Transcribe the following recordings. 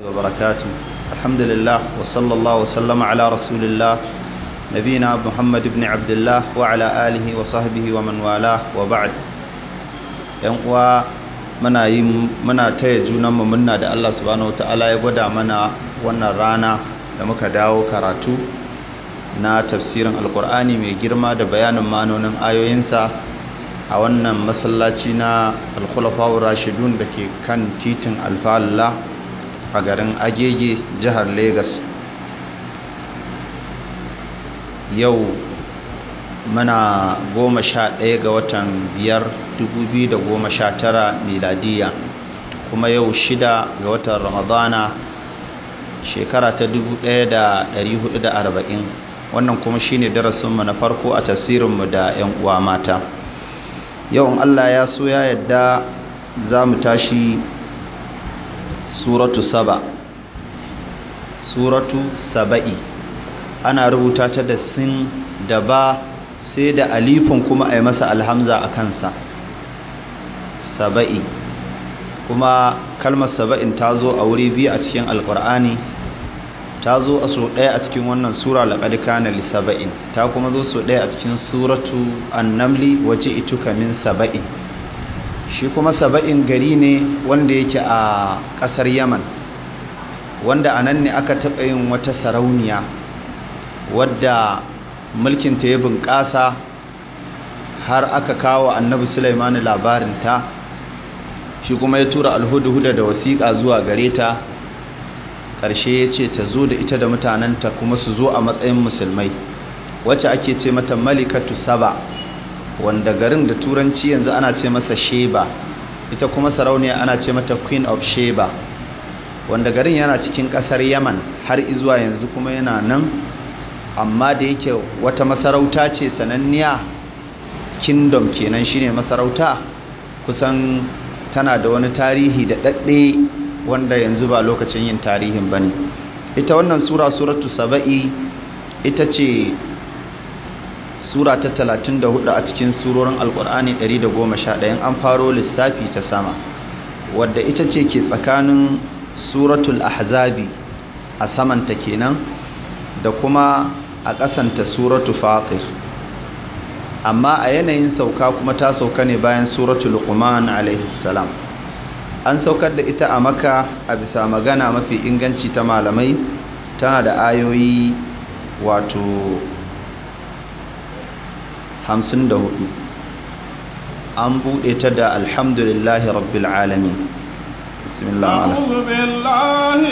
وبركاته الحمد لله وصلى الله وسلم على رسول الله نبينا محمد بن عبد الله وعلى آله وصحبه ومن والاه taya junan mu munna da Allah subhanahu wataala ya gwada mana wannan rana da muka dawo karatu na tafsirin alkur'ani mai girma da bayanin manonin ayoyinsa a wannan masallaci na alkhulafa'ur rashidun da ke kan titin alfa'alla a garin agege jihar Legas. yau muna goma sha ɗaya ga watan biyar dubu biyu da goma sha tara miladiya kuma yau shida ga watan ramadana shekara ta dubu ɗaya da ɗari hudu da arba'in wannan kuma shine darasinmu na farko a tasirinmu da 'yan uwa mata yau in allah ya so ya yadda za mu tashi suratu saba suratu saba'i ana rubuta ta da sin da ba sai da alifin kuma a yi masa alhamza a kansa saba'i kuma kalmar saba'in ta zo a wuri biyu a cikin alkur'ani ta zo a so ɗaya a cikin wannan sura laƙar kana li saba'in ta kuma zo so ɗaya a cikin suratu annamli waje ituka min saba'in shi kuma saba'in gari ne wanda yake a ƙasar yaman wanda a nan ne aka taɓa yin wata sarauniya wadda mulkinta ya bunƙasa har aka kawo annabi labarin labarinta shi kuma ya tura alhudu-huda da wasiƙa zuwa gare ta ƙarshe ya ce ta zo da ita da mutanenta kuma su zo a matsayin musulmai wacce ake ce mata malikatu saba' wanda garin da turanci yanzu ana ce masa sheba ita kuma sarauniya ana ce mata queen of sheba wanda garin yana cikin kasar yaman har izuwa yanzu kuma yana nan amma da yake wata masarauta ce sananniya kingdom kenan shine masarauta kusan tana da wani tarihi da dadde wanda yanzu ba lokacin yin tarihin bane ita wannan sura suratu saba'i ita ce sura ta talatin da hudu a cikin surorin alkur'ani 111 an faro lissafi ta sama wadda ita ce ke tsakanin suratul ahzabi a samanta kenan da kuma a ƙasanta suratul fatir amma a yanayin sauka kuma ta sauka ne bayan suratul luqman an saukar da ita a maka a bisa magana mafi inganci ta malamai tana da ayoyi wato hamsin da hudu an buɗe ta da alhamdulillahi rabbil alamin bismillah a'udhu billahi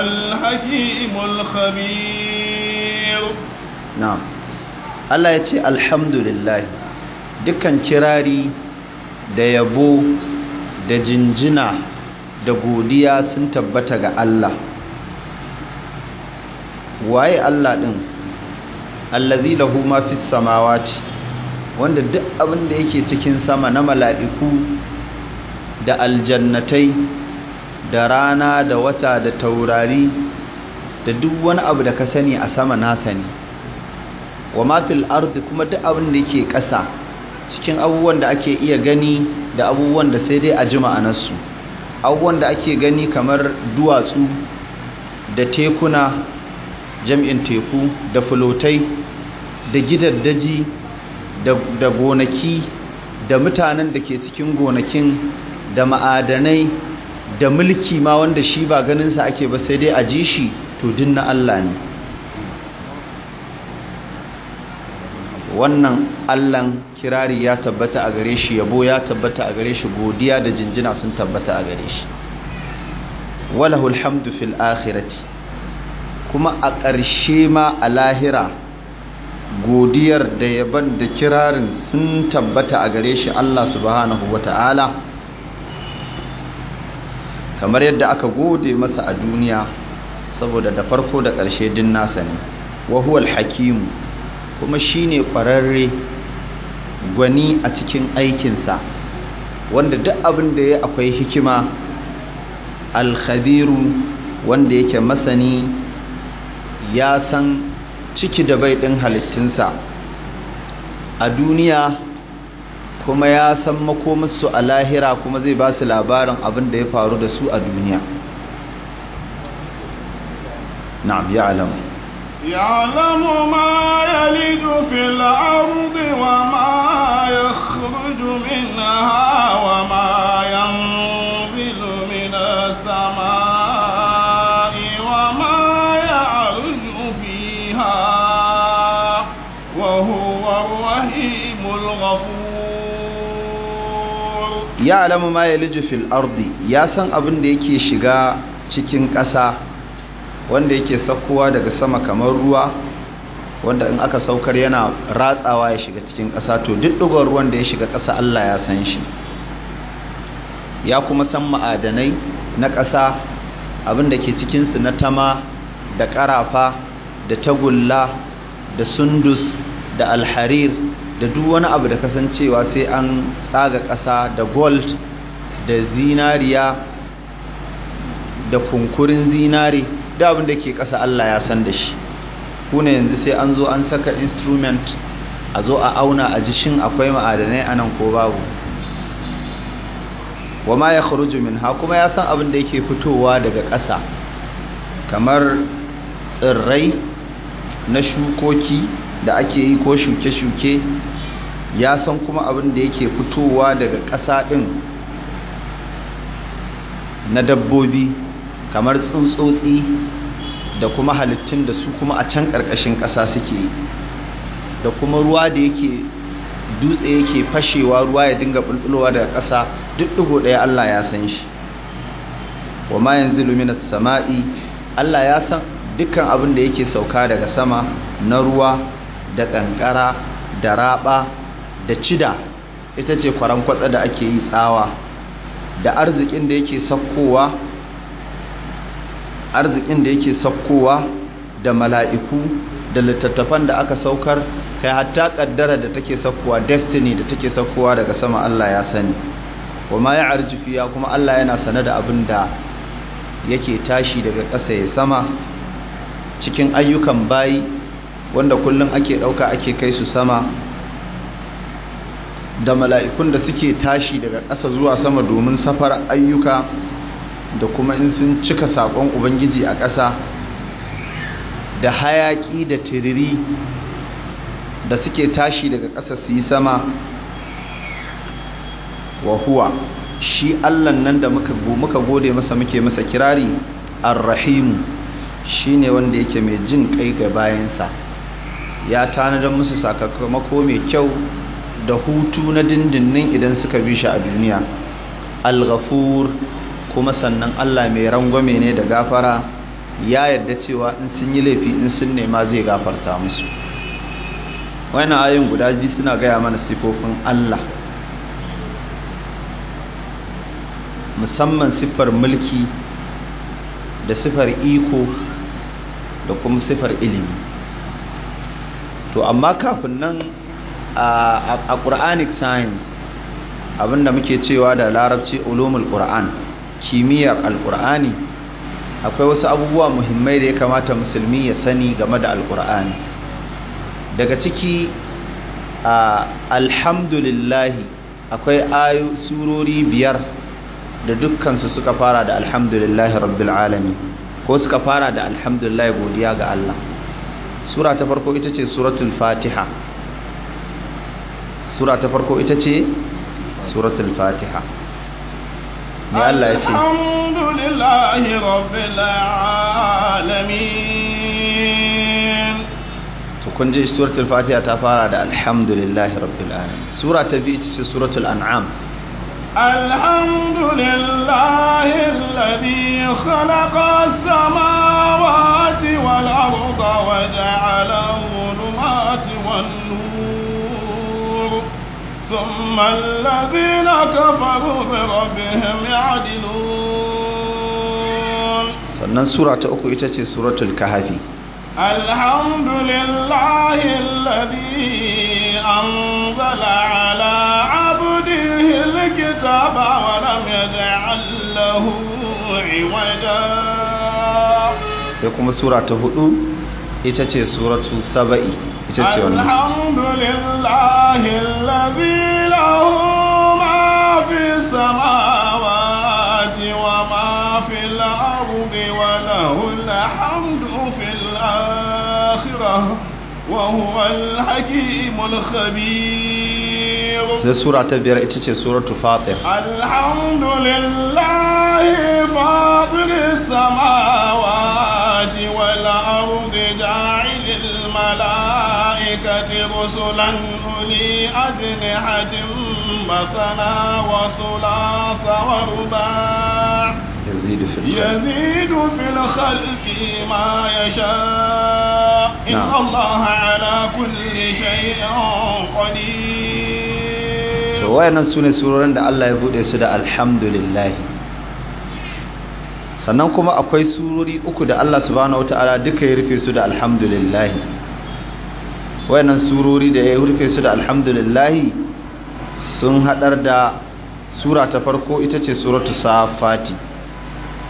الحكيم الخبير نعم الله يتي الحمد لله kirari da yabo da jinjina da godiya sun tabbata ga Allah waye Allah din allazi lahu ma fis samawati wanda duk abin da yake cikin sama na mala'iku da aljannatai da rana da wata da taurari da duk wani abu da ka sani a sama na sani wa mafil ardi kuma duk abin da yake ƙasa cikin abubuwan da ake iya gani da abubuwan da sai dai a ji ma'anarsu abubuwan da ake gani kamar duwatsu da tekuna jam'in teku da fulotai da gidaddaji da gonaki da mutanen da ke cikin gonakin da ma'adanai da mulki ma wanda shi ba ganin sa ake ba sai dai a ji shi to din na Allah ne wannan Allahn kirari ya tabbata a gare shi yabo ya tabbata a gare shi godiya da jinjina sun tabbata a gare shi walahu alhamdu fil akhirati kuma a ƙarshe ma a lahira godiyar da yaban da kirarin sun tabbata a gare shi Allah subhanahu wata'ala kamar yadda aka gode masa a duniya saboda da farko da ƙarshe din nasa ne wa hakimu kuma shine ƙwararre gwani a cikin aikinsa wanda duk abin da ya akwai hikima alkhabiru wanda yake masani ya san ciki da bai ɗin halittunsa a duniya kuma ya san makomarsu a lahira kuma zai ba su labarin abin da ya faru da su a duniya na'am ya alamu fila ما ma ya الأرض وما يخرج منها وما ya alamu ma ya ardi ya san abin da yake shiga cikin ƙasa wanda yake saukowa daga sama kamar ruwa wanda in aka saukar yana ratsawa ya shiga cikin ƙasa to duk ɗigon ruwan da ya shiga ƙasa Allah ya san shi ya kuma san ma'adanai na ƙasa abin da ke cikinsu na tama da ƙarafa da tagulla da sundus da alharir da duk wani abu da kasancewa sai an tsaga ƙasa da gold da zinariya da kunkurin zinari da abin da ke ƙasa Allah ya san da shi kuna yanzu sai an zo an saka instrument a zo a auna a ji shin akwai ma'adanai a nan ko babu wa ma ya kharuju minha kuma ya san abin da yake fitowa daga ƙasa kamar tsirrai na shukoki da ake yi ko shuke-shuke ya san kuma abin da yake fitowa daga ƙasa ɗin na dabbobi kamar tsuntsotsi da kuma halittun da su kuma a can ƙarƙashin ƙasa suke da kuma ruwa da yake dutse yake fashewa ruwa ya dinga bulbulowa daga ƙasa duk ɗigo ɗaya Allah ya san shi wa ma yanzu sama'i Allah ya san dukkan abin da yake sauka daga sama na ruwa da ƙanƙara da raɓa da cida ita ce kwarankwatsa da ake yi tsawa da arzikin da yake sakkowa arzikin da yake sakkowa da mala'iku da littattafan da aka saukar kai hatta kaddara da take sakkowa destiny da take sakkowa daga sama Allah ya sani kuma ya arjifiya kuma Allah yana sane da abin da yake tashi daga ƙasa ya sama cikin ayyukan bayi wanda kullum ake ɗauka ake kai su sama da mala'ikun da suke tashi daga ƙasa zuwa sama domin safar ayyuka da kuma in sun cika saƙon ubangiji a ƙasa da hayaƙi da tiriri da suke tashi daga ƙasa su yi sama wa huwa shi allan nan da muka gode masa muke masa kirari arrahimu shi ne wanda yake mai jin kai ga bayansa ya tanadar musu sakamako mai kyau da hutu na dindinnin idan suka bi shi a duniya al kuma sannan Allah mai rangwame ne da gafara ya yarda cewa in sun yi laifi in sun nema zai gafarta musu wannan ayin guda biyu suna gaya mana sifofin Allah musamman siffar mulki da siffar iko da kuma siffar ilimi to amma kafin nan a quranic science abinda muke cewa da larabci ulumul qur'an kimiyyar alqur'ani akwai wasu abubuwa muhimmai da ya kamata musulmi ya sani game da alqur'ani daga ciki alhamdulillahi akwai ayu surori biyar da dukkansu suka fara da alhamdulillahi rabbil alamin ko suka fara da alhamdulillahi godiya ga Allah sura ta farko ita ce suratul fatiha sura ta farko ita ce suratul fatiha ne Allah ya ce alhamdulillahi rabbil alamin to kun ji suratul fatiha ta fara da alhamdulillahi rabbil alamin sura ta biyu ita ce suratul an'am الحمد لله الذي ثم الذين كفروا بربهم يعدلون sannan sura ta uku ita ce suratul kahafi alhamdulillahi alladhi anzala ala abdihi alkitaba wa lam yaj'al lahu iwaja sai kuma sura ta hudu ita ce suratu saba'i الحمد لله الذي له ما في السماوات وما في الأرض وله الحمد في الآخرة وهو الحكيم الخبير سورة تبير سورة فاطر الحمد لله فاطر السماوات والأرض جاعل الملائكة الْمَلَائِكَةِ رُسُلًا أُولِي أَجْنِحَةٍ مَثَنَى وَثُلَاثَ وَرُبَاعَ يزيد في الخلق ما يشاء إن نعم. الله على كل شيء قدير wayannan su ne surorin da Allah ya bude su da alhamdulillah sannan kuma akwai surori uku da Allah subhanahu wa ta'ala duka ya rufe su da alhamdulillahi wayannan surori da ya rufe su da alhamdulillahi sun hadar da sura ta farko ita ce suratu safati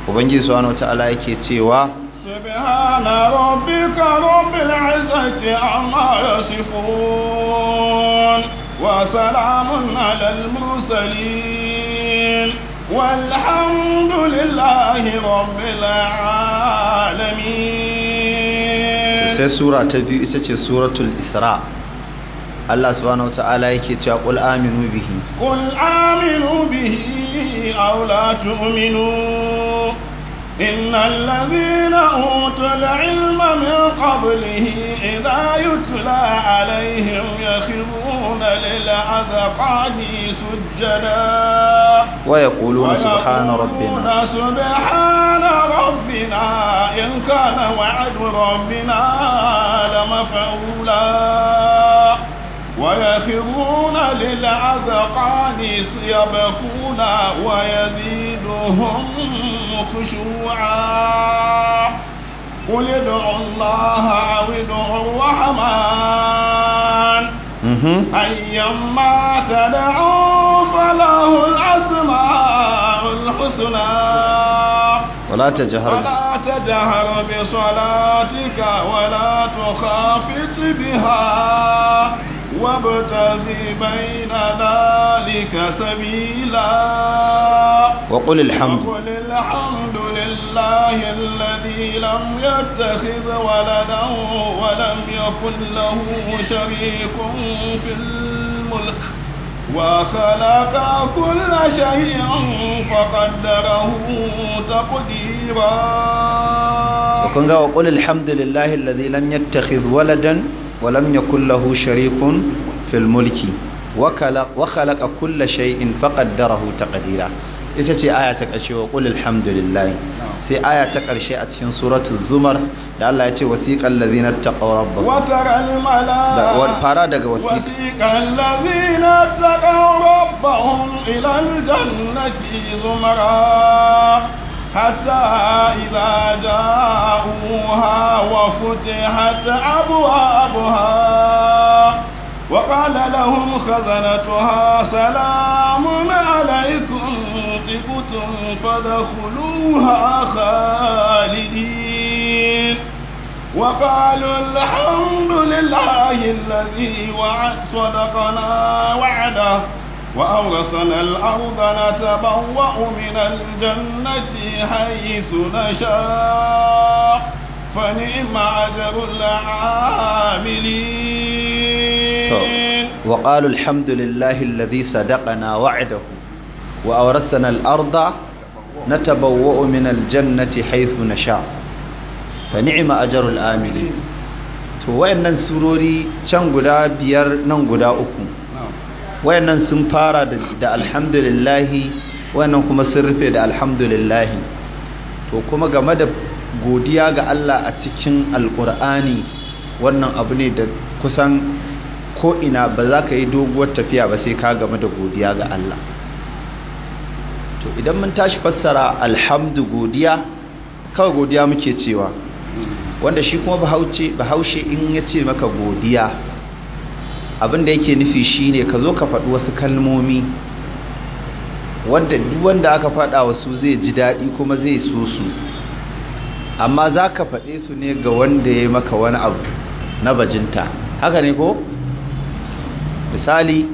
ubangiji subhanahu wataala yake cewa subhana rabbika rabbil izzati amma yasifun wa salamun alal mursalin Walhamdulillahi rabbil alamin sai sura ta biyu ita ce suratul isra Allah subhanahu wa ta'ala yake cewa qul aminu bihi qul aminu bihi aw la tu'minu innal ladhina utul ilma min qablihi idha yutla alaihim yakhruna lil azqani sujada wa yaquluna subhana rabbina subhana ربنا إن كان وعد ربنا لمفعولا ويفرون للعذقان يبكون ويزيدهم خشوعا قل ادعوا الله أو ادعوا الرحمن أيما تدعوا فله الأسماء الحسنى ولا تجهر ولا تجهر بصلاتك ولا تخافت بها وابتغ بين ذلك سبيلا وقل الحمد وقل الحمد لله الذي لم يتخذ ولدا ولم يكن له شريك في الملك وخلق كل شيء فقدره تقديرا وكن وقل الحمد لله الذي لم يتخذ ولدا ولم يكن له شريك في الملك وخلق, وخلق كل شيء فقدره تقديرا ita ce aya ta ƙarshe wa ƙulil hamdulillahi sai aya ta ƙarshe a cikin suratun zumar da Allah ya ce wasiƙan lazinar ta ƙaurar ba fara daga wasiƙan lazinar ta ƙaurar ba hun ilan jannati zumara حتى إذا جاءوها وفتحت أبوابها وقال لهم خزنتها سلام عليكم فدخلوها خالدين وقالوا الحمد لله الذي وعد صدقنا وعده وأورثنا الأرض نتبوأ من الجنة حيث نشاء فنعم أجر العاملين وقالوا الحمد لله الذي صدقنا وعده وأورثنا الأرض نتبوأ من الجنة حيث نشاء فنعم أجر amili to wayannan surori can guda biyar nan guda uku wayannan sun fara da alhamdulillahi wayannan kuma sun rufe da alhamdulillahi to kuma game da godiya ga Allah a cikin alkur'ani wannan abu ne da kusan ko ina ba za ka yi doguwar tafiya ba sai ka game da godiya ga Allah to idan mun tashi fassara alhamdu godiya kawai godiya muke cewa wanda shi kuma bahaushe in ya ce maka godiya abinda yake nufi shine ka zo ka faɗi wasu kalmomi wanda duk wanda aka faɗa wasu zai ji daɗi kuma zai so su amma za ka faɗe su ne ga wanda ya maka wani abu na bajinta haka ne ko misali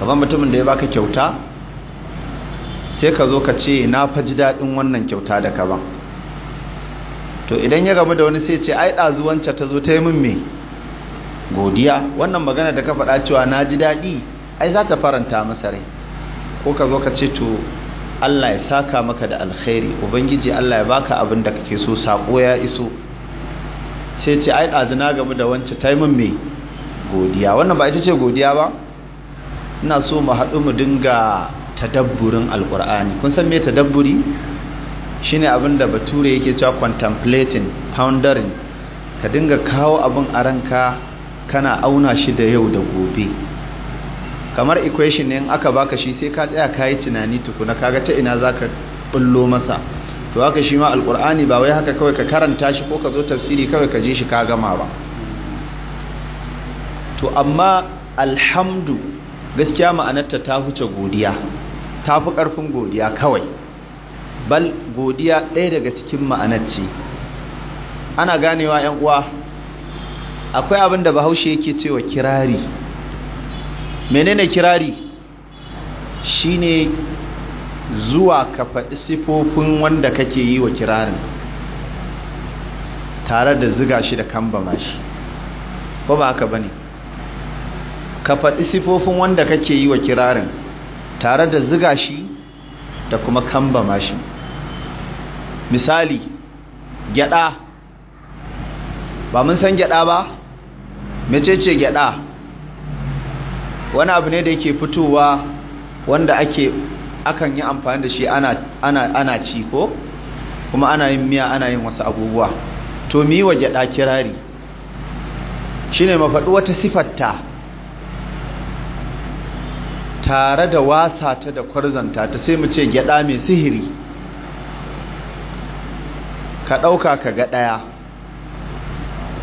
kamar mutumin da ya baka kyauta sai ka zo ka ce na faji daɗin wannan kyauta da ka ban to idan ya gamu da wani sai ce ai ɗazuwanci ta zo ta yi min mai godiya wannan magana da ka faɗa cewa na ji daɗi ai za ta faranta masa rai ko ka zo ka ce to Allah ya saka maka da alkhairi ubangiji Allah ya baka abin da kake so sako ya iso sai ce ai na gamu da wancan ta yi min mai godiya wannan ba ita ce godiya ba ina so mu haɗu mu dinga tadabburin alkur'ani kun san me tadabburi shine abin da bature yake cewa contemplating pondering ka dinga kawo abin a ranka kana auna shi da yau da gobe kamar equation ne in aka baka shi sai ka tsaya kayi tunani tukuna kaga ta ina zaka bullo masa to haka shi ma alkur'ani ba wai haka kawai ka karanta shi ko ka zo tafsiri kawai ka je shi ka gama ba to amma alhamdu gaskiya ma'anarta ta huce godiya ta fi ƙarfin godiya kawai bal godiya ɗaya daga cikin ma'anacci ana ganewa 'yan uwa akwai abin da bahaushe yake cewa kirari menene kirari shine zuwa ka faɗi sifofin wanda kake yi wa kirarin tare da ziga shi da kambama shi ko ba haka bane ka faɗi sifofin wanda kake yi wa kirarin tare da ziga shi da kuma kambama shi misali gyada ba mun san gyada ba mecece gyada wani abu ne da yake fitowa wanda ake akan yi amfani da shi ana, ana, ana ci ko kuma ana yin miya ana yin wasu abubuwa to mi wa gyada kirari shine mafaɗi wata siffarta tare da wasa ta da kwarzanta ta sai mu ce gyada mai sihiri ka ɗauka ka ga ɗaya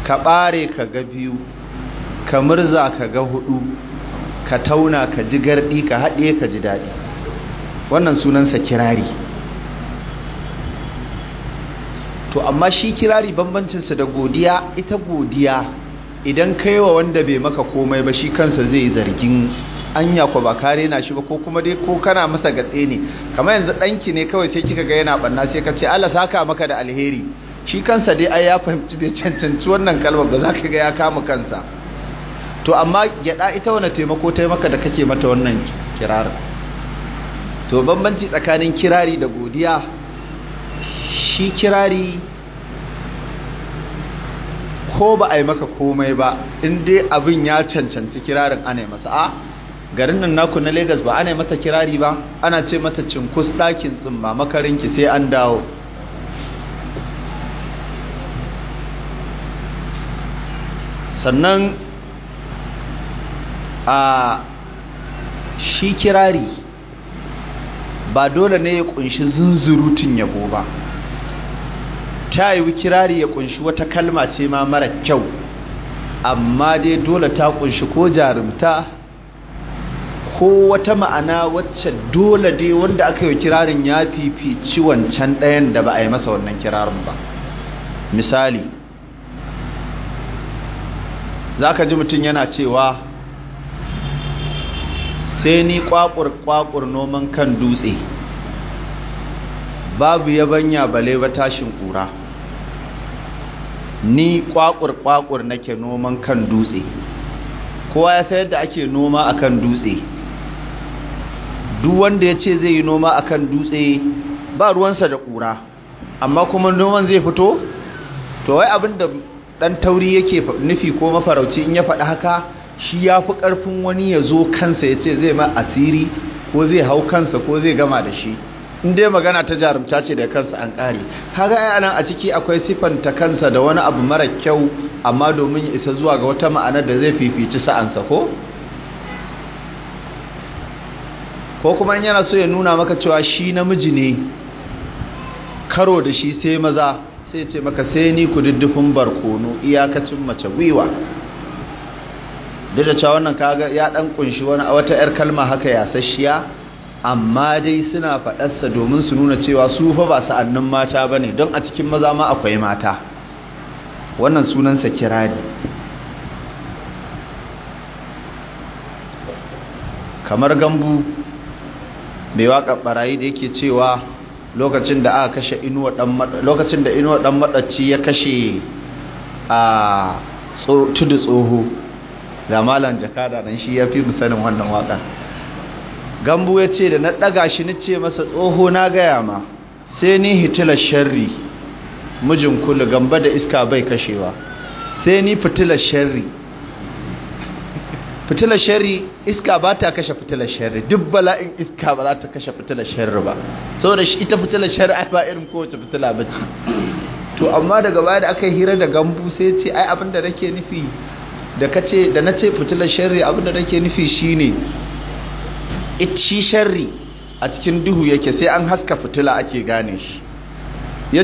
ka ɓare ka ga biyu ka murza ka ga hudu ka tauna ka ji garɗi ka haɗe ka ji daɗi wannan sunansa kirari to amma shi kirari bambancinsa da godiya ita godiya idan kaiwa wanda bai maka komai ba shi kansa zai zargin anya ko ba kare na shi ba ko kuma dai ko kana masa gatse ne kamar yanzu danki ne kawai sai kika ga yana banna sai ka ce Allah saka maka da alheri shi kansa dai ai ya fahimci bai cancanci wannan kalmar ba za ka ga ya kama kansa to amma gyada ita wani taimako ta maka da kake mata wannan kirarin to bambanci tsakanin kirari da godiya shi kirari ko ba a yi maka komai ba in dai abin ya cancanci kirarin ana masa a garin nan naku na Legas ba ana mata kirari ba ana ce mata cinkus ɗakin tsumma makarinki sai an dawo sannan a shi kirari ba dole ne ya kunshi zunzurutun yabo ba ta yi kirari ya kunshi wata kalma ce ma mara kyau amma dai dole ta kunshi ko jarumta ko wata ma'ana wacce dole dai wanda aka yi kirarin ya fifici wancan ɗayan da ba a yi masa wannan kirarin ba misali za ka ji mutum yana cewa sai ni kwakwar-kwakwar noman kan dutse babu yabanya bale ba tashin kura, ni kwakwar-kwakwar nake noman kan dutse kowa ya sayar da ake noma a kan dutse duk wanda ya ce zai yi noma a kan dutse ba ruwansa da ƙura amma kuma noman zai fito to wai abin da ɗan tauri yake nufi ko mafarauci in ya faɗi haka shi ya fi ƙarfin wani ya zo kansa ya ce zai ma asiri ko zai hau kansa ko zai gama da shi in dai magana ta jarumta ce da kansa an ƙare kaga ai anan a ciki akwai siffanta kansa da wani abu mara kyau amma domin ya isa zuwa ga wata ma'anar da zai fifici sa'ansa ko ko kuma in yana so ya nuna maka cewa shi namiji ne karo da shi sai maza sai ce maka sai ni ku diddufin barkono iyakacin mace gwiwa duk da cewa wannan kaga ya dan kunshi wani a wata yar kalma haka ya sashiya. amma dai suna faɗarsa domin su nuna cewa su fa ba sa'annin mata ba ne don a cikin maza ma akwai mata wannan sunansa kirari kamar gambu mai waƙar ɓarayi da yake cewa lokacin da aka kashe inuwa dan maɗaci ya kashe a tudu tsoho da malam jakada nan shi ya yafi musanin wannan waƙar gambu ya ce da na ɗaga shi na ce masa tsoho na gaya ma sai ni hitilar sharri mijin kulu gamba da iska bai kashewa sai ni fitilar sharri fitilar shari iska ba ta kashe fitilar shari duk bala'in iska ba za ta kashe fitilar shari ba saboda ita fitilar shari ai ba irin kowace fitila ba ce to amma daga baya da aka yi hira da gambu sai ce ai abin da nake nufi da ce da nace fitilar shari abin da nake nufi shine shi shari a cikin duhu yake sai an haska fitila ake gane shi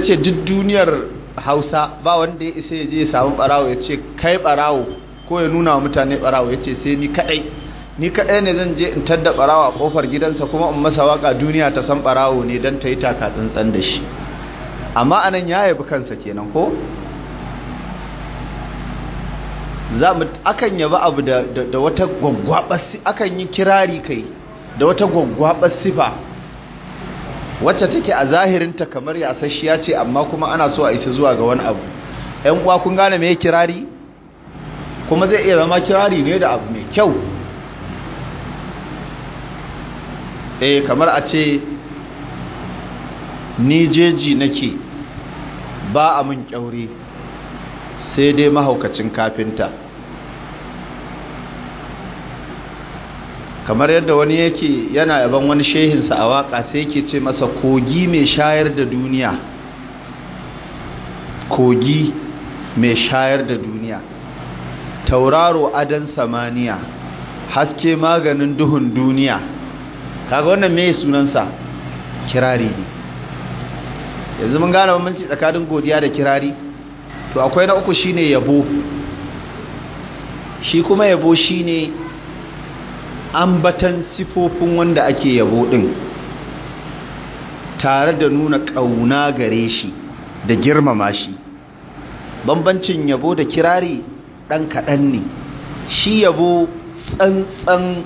ce duk duniyar Hausa ba wanda ya isa ya je ya samu barawo ya ce kai barawo ko ya nuna wa mutane barawa ya ce sai ni kadai ni kadai ne zan je in tadda barawa a kofar gidansa kuma in masa waka duniya ta san barawo ne don ta yi taka tsantsan da shi amma anan ya yabi kansa kenan ko za mu akan yaba abu da wata gwaggwabar akan yi kirari kai da wata gwaggwabar sifa wacce take a zahirinta kamar ya ce amma kuma ana so a isa zuwa ga wani abu ‘yan uwa kun gane me kirari kuma zai iya zama kirari ne da abu mai kyau eh kamar a ce ni jeji nake ba a mun kyauri sai dai mahaukacin kafinta kamar yadda wani yake yana yaban wani shehinsa a waka sai yake ce masa kogi mai shayar da duniya kogi mai shayar da duniya tauraro adan samaniya haske maganin duhun duniya kaga wannan me sunansa kirari ne yanzu mun gane bambanci tsakanin godiya da kirari to akwai na uku shine yabo shi kuma yabo shine ambatan sifofin wanda ake yabo din tare da nuna kauna gare shi da girmama shi bambancin yabo da kirari ɗan kaɗan ne shi yabo tsantsan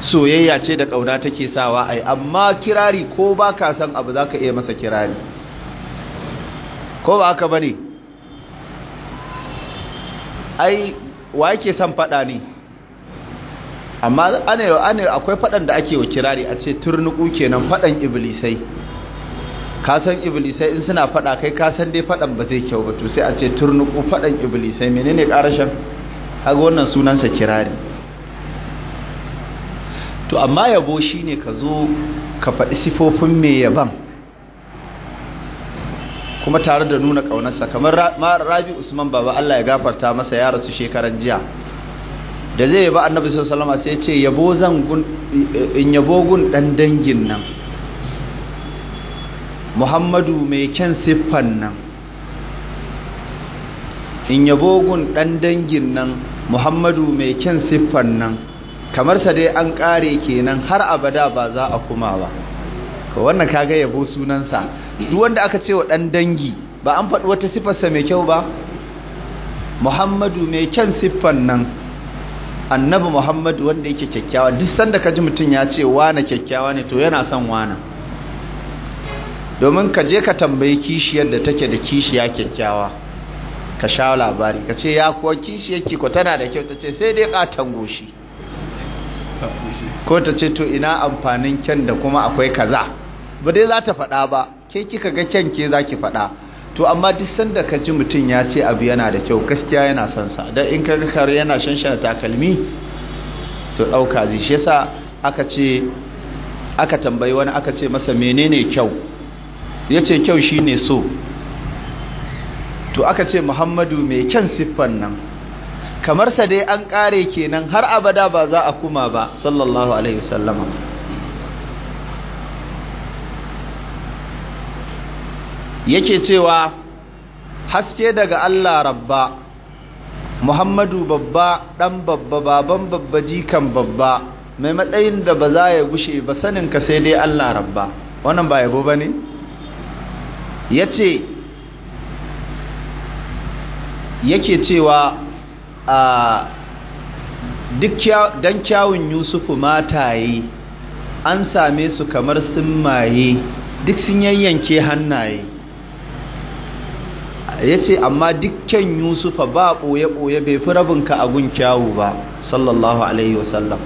soyayya ce da ƙauna take sawa ai amma kirari ko ba ka san abu za ka iya masa kirari ko ba aka ba ne ai wa yake son faɗa ne amma akwai faɗan da ake wa kirari a ce turnuku kenan faɗan iblisai ka san iblisai in suna fada kai ka san dai fadan ba zai kyau ba to sai a ce turnuku fadan iblisai menene karashin kaga wannan sunansa kirari to amma yabo shine ka zo ka faɗi sifofin mai yaban kuma tare da nuna ƙaunarsa kamar rabi usman baba allah ya gafarta masa ya rasu shekaran jiya da zai yaba annabi sallallahu alaihi wasallam sai ce yabo zan in yabo gun dan dangin nan muhammadu mai kyan siffan nan in yabogun ɗan dangin nan muhammadu mai kyan siffan nan kamar sa dai an ƙare kenan har abada ba za a kuma ba ka wannan kaga yabo sunansa duk wanda aka ce wa ɗan dangi ba an faɗi wata siffarsa mai kyau ba muhammadu mai kyan siffan nan annabi muhammadu wanda yake kyakkyawa duk sanda ka ji mutum ya ce wane kyakkyawa ne to yana son wana domin ka je ka tambayi kishiyar da take da kishiya kyakkyawa ka sha labari ka ce ya kuwa kishiyar ko tana da kyau ta ce sai dai katon goshi ko ta ce to ina amfanin kyan da kuma akwai kaza ba dai za ta faɗa ba ke kika ga kyan ke za ki faɗa to amma duk sanda ka ji mutum ya ce abu yana da kyau gaskiya yana son sa don in ka kare yana shanshan takalmi to ɗauka zai shi yasa aka ce aka tambayi wani aka ce masa menene kyau ya ce kyau shi ne so to aka ce muhammadu mai kyan siffan nan Kamar sa dai an ƙare kenan har abada ba za a kuma ba sallallahu alaihi wasallama yake cewa haske daga Allah rabba Muhammadu babba dan babba baban babba jikan babba mai matsayin da ba za ya gushe ba saninka sai dai Allah rabba wannan ba yabo ba ne? ya yake cewa a don kyawun yusufu mataye an same su kamar sun maye duk sun yayyanke hannaye ya ce amma dukkan yusufa ba ɓoye-ɓoye bai fi rabinka a gun kyawu ba sallallahu alaihi wasallam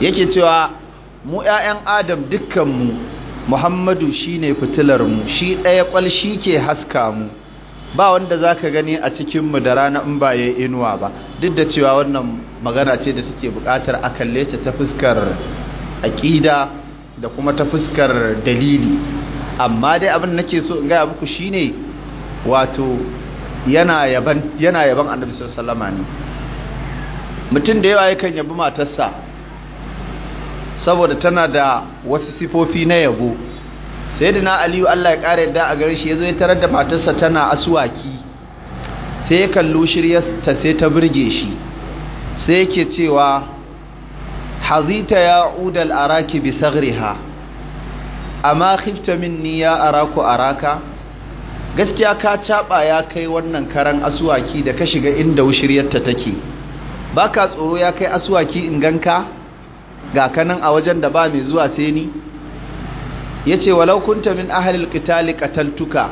yake cewa mu 'ya'yan adam dukkanmu muhammadu shine fitilar mu shi ɗaya ƙwal shi ke haska mu ba wanda za ka gani a cikinmu da rana in ba ya inuwa ba duk da cewa wannan magana ce da suke buƙatar a kalle ta ta fuskar aƙida da kuma ta fuskar dalili amma dai abin nake so in gaya muku shine wato yana yaban annabi sallallahu ne mutum da yawa yakan yabi matarsa saboda tana da wasu sifofi na yabo sayyidina aliyu Allah ya kare yadda a gare shi zo ya tarar da matarsa tana asuwaki sai ya kallo shiryarta sai ta burge shi sai yake cewa hazita ya udal araki bi sagriha amma khifta minni ya araku araka gaskiya ka caba ya kai wannan karan asuwaki da ka shiga inda wushiryarta take baka tsoro ya kai asuwaki in ganka ga kanan a wajen da ba mai zuwa sai ni ya ce walau kunta min ahalil qitali qataltuka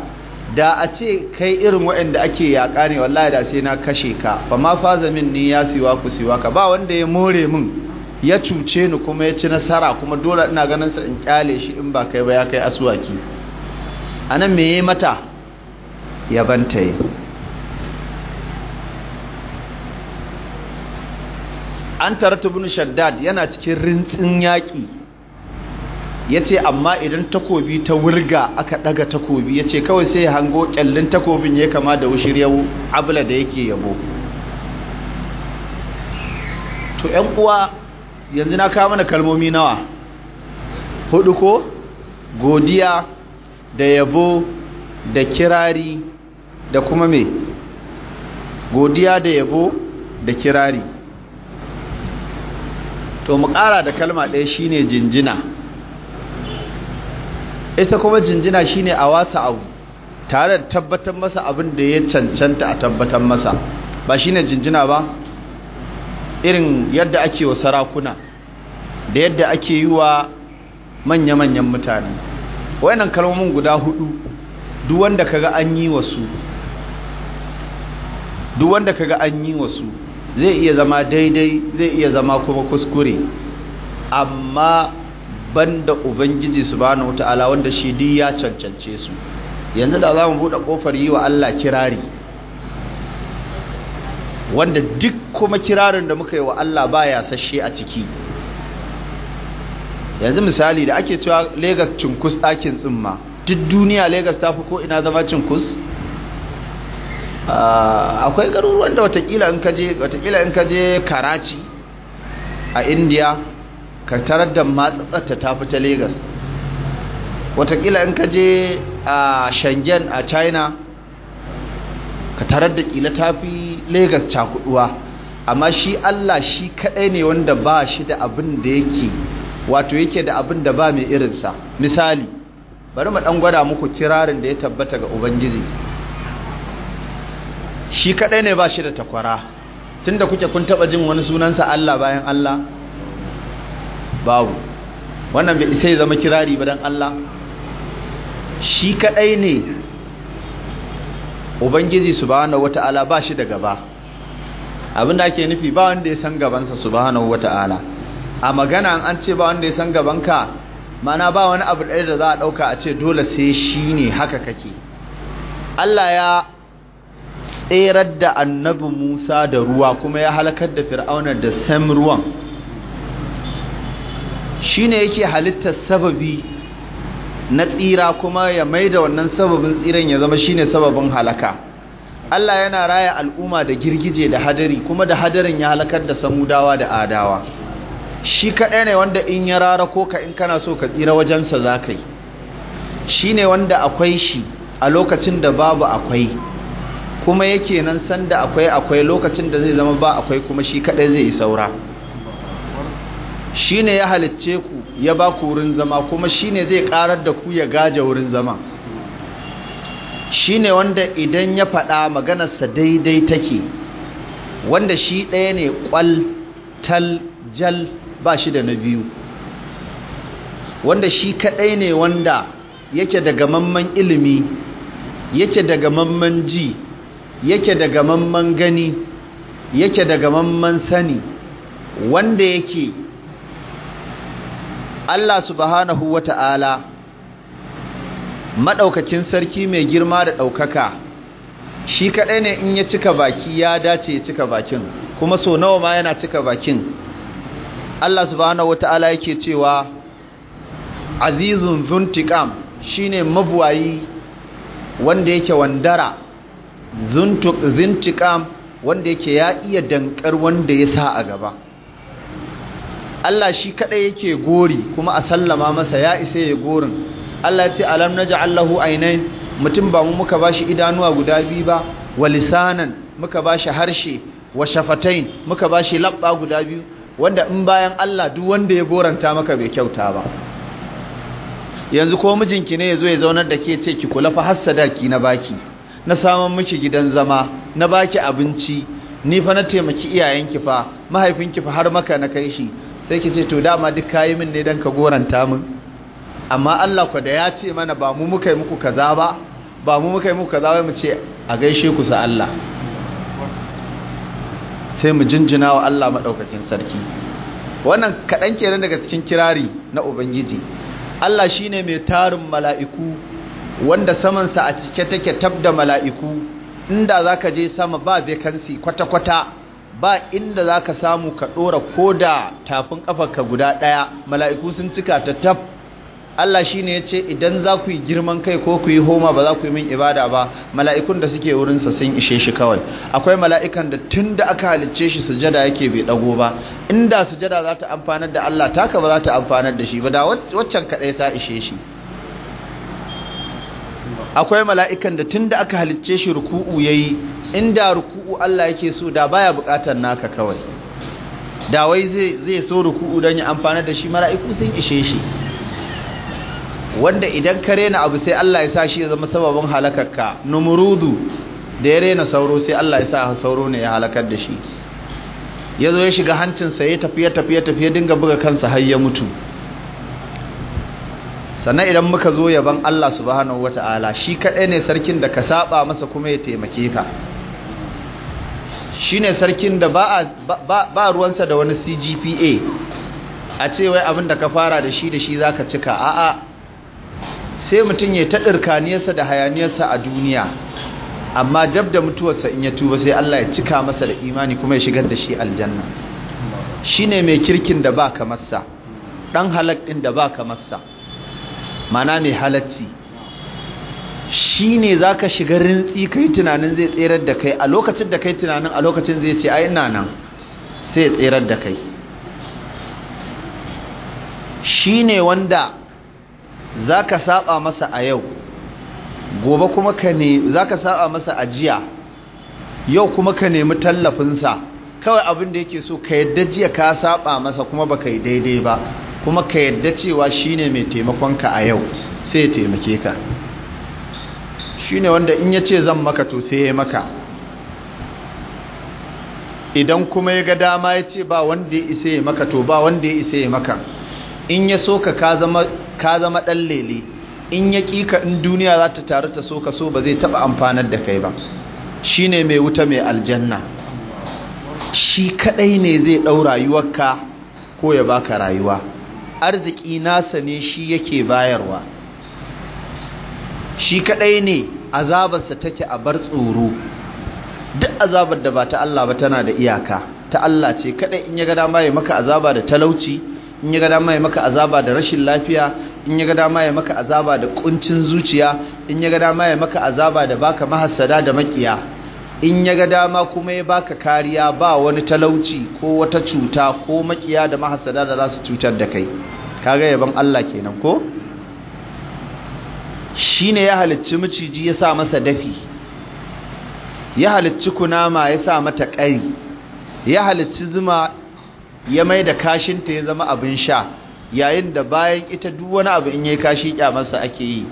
da a ce kai irin waɗanda ake yaƙa ne wallahi da sai na kashe ka ba ma faza min ni ya siwa ku siwa ka ba wanda ya more min ya cuce ni kuma ya ci nasara kuma dole ina ganin sa in kyale shi in ba kai ba ya kai asuwaki anan me yayi mata ya banta yi an tarata bin shaddad yana cikin rintsin yaƙi ya ce amma idan takobi ta wurga aka ɗaga takobi ya ce kawai sai hango ƙyallin takobin ya kama da wushir yau abla da yake yabo to ‘yan uwa yanzu na kama na kalmomi nawa hudu ko godiya da yabo da kirari da kuma me godiya da yabo da kirari to mu ƙara da kalma ɗaya shine jinjina ita kuma jinjina shine a wata abu tare da tabbatar masa abin da ya cancanta a tabbatar masa ba shine jinjina ba irin yadda ake wa sarakuna da yadda ake yi wa manya-manyan mutane wayannan kalmomin guda hudu duk wanda kaga an yi wasu duk wanda kaga an yi wasu zai iya zama daidai zai iya zama kuma kuskure amma banda ubangiji su bani subhanahu ala wanda shi duk ya cancance su yanzu da za mu buɗe ƙofar yi wa Allah kirari wanda duk kuma kirarin da muka yi wa Allah ba ya sashe a ciki yanzu misali da ake cewa Legas cinkus ɗakin tsimma duk duniya Legas ta fi ko ina zama cinkus Ah, akwai garuruwan da watakila in kaje watakila in kaje karachi a india ka tarar da matsatsata ta fi ta lagos watakila in kaje a shangen a china ka tarar da kila ta fi lagos cakuduwa amma shi allah shi kadai ne wanda ba shi da abin da yake wato yake da abin da ba mai irinsa misali bari mu dan gwada muku kirarin da ya tabbata ga ubangiji shi kadai ne ba shi da takwara tunda kuke kun taba jin wani sunansa Allah bayan Allah babu wannan bai isa ya zama kirari ba dan Allah shi kadai ne ubangiji subhanahu wataala ba shi da gaba abinda ake nufi ba wanda ya san gabansa subhanahu wataala a magana an ce ba wanda ya san gabanka mana ba wani abu ɗaya da za a ɗauka a ce dole sai shi ne haka kake Allah ya tserar da annabi Musa da ruwa kuma ya halakar da fir'auna da sam ruwan shine yake halittar sababi na tsira kuma ya maida wannan sababin tsiran ya zama shine sababin halaka Allah yana raya al'umma da girgije da hadari kuma da hadarin ya halakar da samudawa da adawa shi kaɗai ne wanda in ya rara ko ka in kana so ka tsira wajensa za ka yi shi ne wanda akwai shi a lokacin da babu akwai kuma yake nan sanda akwai akwai lokacin da zai zama ba akwai kuma shi kadai zai yi saura shi ne ya halicce ku ya ba ku wurin zama kuma shi ne zai karar da ku ya gaje wurin zama shi ne wanda idan ya faɗa maganarsa daidai take wanda shi ɗaya ne ƙwal tal jal ba shi da na biyu wanda shi kaɗai ne wanda yake daga mamman ilimi yake daga mamman ji yake da mamman gani yake da mamman sani wanda yake Allah subhanahu ta'ala madaukakin sarki mai girma da ɗaukaka, shi kaɗai ne in ya cika baki ya dace ya cika bakin kuma so nawa ma yana cika bakin Allah subhanahu ta'ala yake cewa azizun zuntiqam shine mabuwayi wanda yake wandara zintiƙam wanda yake ya iya dankar wanda ya sa a gaba Allah shi kaɗai yake gori kuma a sallama masa ya isa ya gorin Allah ce alam na ja'allahu ina, mutum ba mu muka bashi idanuwa guda biyu ba wa lisanan muka bashi harshe wa shafatain muka bashi labba guda biyu wanda in bayan Allah duk wanda ya goranta maka bai kyauta ba yanzu ko mijinki ne yazo ya zaunar da ke ce ki kula fa sadaki na baki na saman miki gidan zama na baki abinci ni fa na taimaki iyayenki fa mahaifinki fa har maka na kai shi sai ki ce to dama duk kayi min ne dan ka goranta min amma Allah ku da ya ce mana ba mu muka yi muku kaza ba ba mu muka yi muku kaza ba mu ce a gaishe ku sa Allah sai mu jinjina wa Allah madaukakin sarki wannan kaɗan kenan daga cikin kirari na ubangiji Allah shine mai tarin mala'iku wanda saman sa a cike take tab da mala'iku inda za ka je sama ba vacancy kwata-kwata ba inda za ka samu ka ɗora ko da tafin ƙafarka guda ɗaya mala'iku sun cika ta tab Allah shi ne ya ce idan za ku yi girman kai ko ku yi homa ba za ku yi min ibada ba mala'ikun da suke wurinsa sun ishe shi kawai akwai mala'ikan da tun da aka halicce shi sujada yake bai ɗago ba inda sujada za ta amfanar da Allah taka ba za ta amfanar da shi ba da waccan kaɗai ta ishe shi akwai mala'ikan da tun da aka halicce shi ruku'u ya yi inda ruku'u Allah yake so da baya buƙatar naka kawai da wai zai so ruku'u don yi amfani da shi mala'iku sun ishe shi wanda idan ka rena abu sai Allah ya sa shi ya zama sababin halakarka numurudu da ya rena sauro sai Allah ya sa sauro ne ya halakar da shi ya zo ya shiga hancinsa ya tafi ya tafi ya dinga buga kansa har ya mutu sannan idan muka zo yaban Allah subhanahu wata'ala shi kaɗai ne sarkin da ka saba masa kuma ya taimake ka shi ne sarkin da ba ruwansa da wani cgpa a ce wai abin da ka fara da shi da shi za ka cika a'a sai mutum ya taɗirkaniyarsa da hayaniyarsa a duniya amma dab da mutuwarsa in ya tuba sai Allah ya cika masa da imani kuma ya shigar da shi aljanna shi ne mai kirkin da ba kamarsa ɗan halak ɗin da ba kamarsa mana mai halacci shi ne za ka shiga rintsi kai tunanin zai tserar da kai a lokacin da kai tunanin a lokacin zai ce ai ina nan sai ya tserar da kai shi ne wanda za ka saba masa a yau gobe kuma ka ne za ka saba masa a jiya yau kuma ka nemi tallafinsa kawai abin da yake so ka yadda jiya ka saba masa kuma ba ka yi daidai ba kuma ka yadda cewa shine mai taimakonka a yau sai ya taimake ka shine wanda in ya ce zan maka to sai ya maka idan kuma ya ga dama ya ce ba wanda ya isa ya maka to ba wanda ya isa ya maka in ya so ka ka zama ɗan lele in ya ƙi ka in duniya za ta taru ta so ka so ba zai taɓa amfanar da kai ba shi ne mai wuta mai aljanna shi kaɗai ne zai ɗau rayuwarka ko ya baka rayuwa arziki nasa ne shi yake bayarwa shi kadai ne azabarsa take a bar tsoro duk azabar da ba ta Allah ba tana da iyaka ta Allah ce kadai in ya ga dama ya maka azaba da talauci in ya ga dama ya maka azaba da rashin lafiya in ya ga dama ya maka azaba da kuncin zuciya in ya ga dama ya maka azaba da baka mahassada da makiya in ya ga dama kuma ya baka kariya ba wani talauci ko wata cuta ko makiya da mahasada da za su cutar da kai kaga yaban Allah kenan ko shine ya halicci maciji ya sa masa dafi ya halicci kunama ya sa mata kai ya halicci zuma ya mai da kashinta ya zama abin sha yayin da bayan ita duk wani abu in yayi kashi kyamarsa ake yi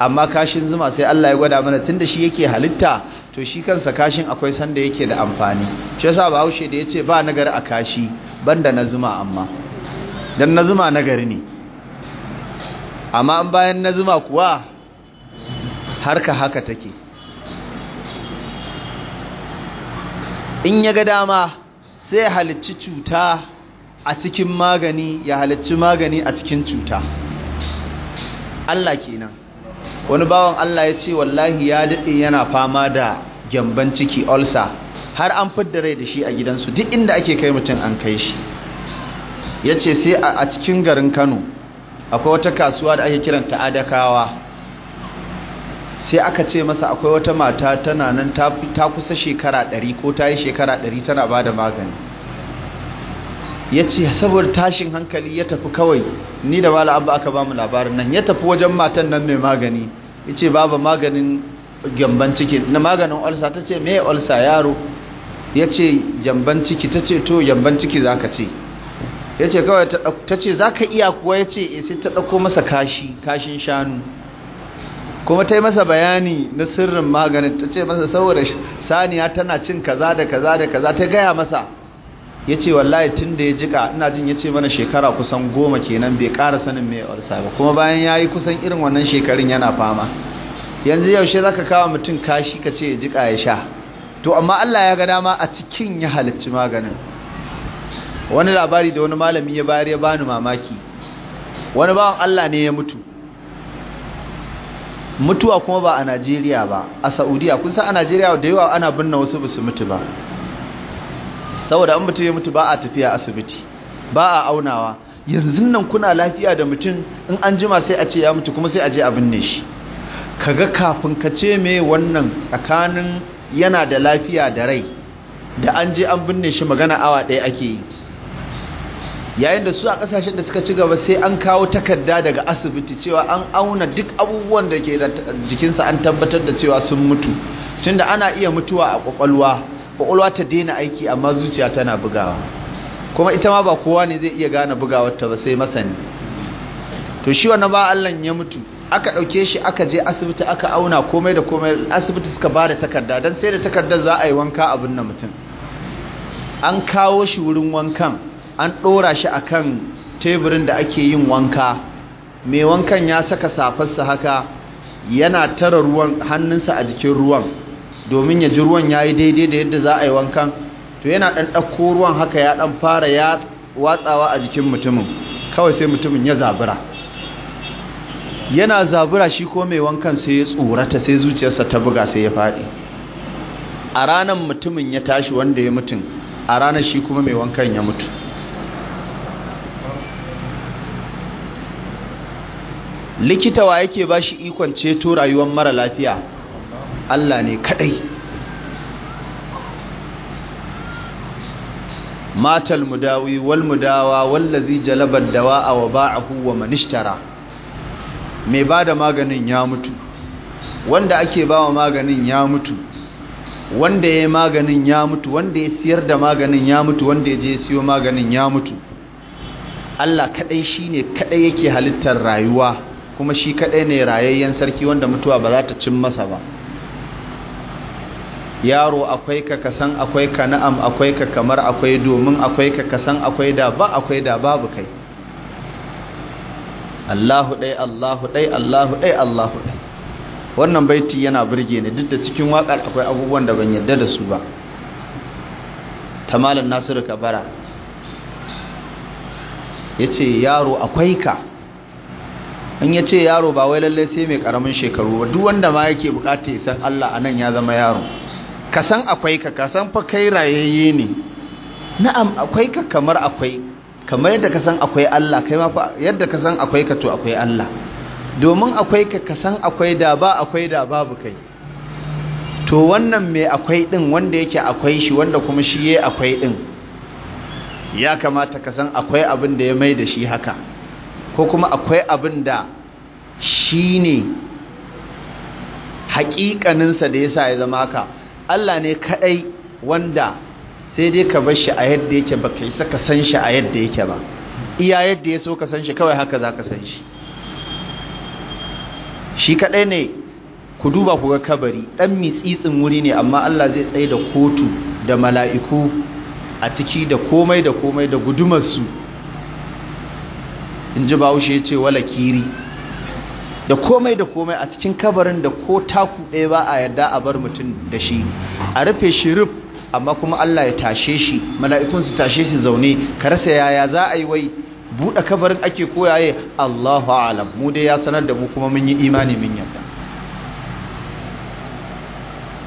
amma kashin zuma sai Allah ya gwada mana tunda shi yake halitta to shi kansa kashin akwai sanda yake da amfani shi yasa Bahaushe da yace ba nagari a kashi banda na zuma amma dan na zuma nagari ne amma an bayan na zuma kuwa harka haka take in ya ga dama sai halicci cuta a cikin magani ya halicci magani a cikin cuta Allah kenan wani bawan Allah ya ce wallahi ya daɗe yana fama da gyamban ciki olsa har an fidda rai da shi a gidansu duk inda ake kai mutum an kai shi ya ce sai a cikin garin kano akwai wata kasuwa da ake kiranta adakawa sai aka ce masa akwai wata mata tana nan ta kusa shekara ɗari ko ta yi shekara ɗari tana ba da magani ya ce saboda tashin hankali ya tafi kawai ni da wala abu aka bamu labarin nan ya tafi wajen matan nan mai magani ya ce babu maganin gyamban ciki na maganin olsa ta ce mai olsa yaro ya ce gyamban ciki ta ce to gyamban ciki za ka ce ya ce kawai ta ce za ka iya kuwa ya ce eh, sai ta ɗauko masa kashi kashin shanu kuma ta yi masa bayani na sirrin maganin ta ce masa saboda saniya tana cin kaza da kaza da kaza ta gaya masa ya ce wallahi tun da ya jika ina jin ya ce mana shekara kusan goma kenan bai kara sanin mai ulsa ba kuma bayan ya yi kusan irin wannan shekarun yana fama yanzu yaushe za ka kawo mutum kashi ka ce ya jika ya sha to amma allah ya ga dama a cikin ya halicci maganin wani labari da wani malami ya bayar ya bani mamaki wani bawan allah ne ya mutu mutuwa kuma ba a najeriya ba a saudiya kun san a najeriya da yawa ana binne wasu ba su mutu ba saboda an mutum ya mutu ba a tafiya asibiti ba a aunawa yanzu nan kuna lafiya da mutum in an jima sai a ce ya mutu kuma sai a je a binne shi kaga kafin ka ce me wannan tsakanin yana da lafiya da rai da an je an binne shi magana awa ɗaya ake yi yayin da su a ƙasashen da suka ci gaba sai an kawo takarda daga asibiti cewa an auna duk abubuwan da ke da jikinsa an tabbatar da cewa sun mutu tunda ana iya mutuwa a ƙwaƙwalwa ƙwaƙwalwa ta daina aiki amma zuciya tana bugawa kuma ita ma ba kowa ne zai iya gane bugawarta ba sai masani to shi wannan ba Allah ya mutu aka ɗauke shi aka je asibiti aka auna komai da komai asibiti suka ba da takarda don sai da takardar za a yi wanka abin na mutum an kawo shi wurin wankan an ɗora shi a kan teburin da ake yin wanka mai wankan ya saka safarsa haka yana tara ruwan hannunsa a jikin ruwan domin ya ji ruwan ya yi daidai da yadda za a yi wankan to yana ɗan ɗauko ruwan haka ya ɗan fara ya watsawa a jikin mutumin kawai sai mutumin ya zabura yana zabura shi ko mai wankan sai ya tsorata sai zuciyarsa ta buga sai ya faɗi a ranar mutumin ya tashi wanda ya mutum a ranar shi kuma mai wankan ya mutu likita wa yake ba shi ikon ceto rayuwar mara lafiya Allah ne kadai matal mudawi wal mudawa wallazi jalaba dawa'a wa ba'ahu wa man ishtara mai bada maganin ya mutu wanda ake bawa maganin ya mutu wanda ya maganin ya mutu wanda ya siyar da maganin ya mutu wanda ya je siyo maganin ya mutu Allah kadai shine kadai yake halittar rayuwa kuma shi kadai ne rayayyen sarki wanda mutuwa ba za ta cin masa ba yaro akwai ka kasan akwai ka na'am akwai ka kamar akwai domin akwai ka kasan akwai da ba akwai da babu kai Allahu dai Allahu dai Allahu dai Allahu dai wannan baiti yana burge ni duk da cikin wakar akwai abubuwan da ban yarda da su ba tamalan nasiru kabara yace yaro akwai ka in yace yaro ba wai lalle sai mai karamin shekaru ba duk wanda ma yake bukata ya san Allah anan ya zama yaro ka san akwai ka ka san fa kai rayayye ne na'am akwai ka kamar akwai kamar yadda ka san akwai Allah kai ma fa yadda ka san akwai ka to akwai Allah domin akwai ka ka san akwai da ba akwai da babu kai to wannan mai akwai din wanda yake akwai shi wanda kuma shi yake akwai din ya kamata ka san akwai abin da ya mai da shi haka ko kuma akwai abin da shi ne haƙiƙaninsa da ya sa ya zama haka Allah ne kaɗai wanda sai dai ka bar a yadda yake ba kai ka san shi a yadda yake ba iya yadda ya so ka san shi kawai haka za ka san shi shi kaɗai ne ku duba ku ga kabari ɗan mitsitsin wuri ne amma Allah zai tsaye da kotu da mala'iku a ciki da komai da komai da gudumarsu in ji bahaushe ya ce wala kiri da komai da komai a cikin kabarin da ko taku ɗaya ba a yarda a bar mutum da shi a rufe shi ruf amma kuma Allah ya tashe shi mala'ikun su tashe shi zaune ka rasa yaya za a yi wai buɗe kabarin ake koyaye Allahu alam mu dai ya sanar da mu kuma mun yi imani mun yarda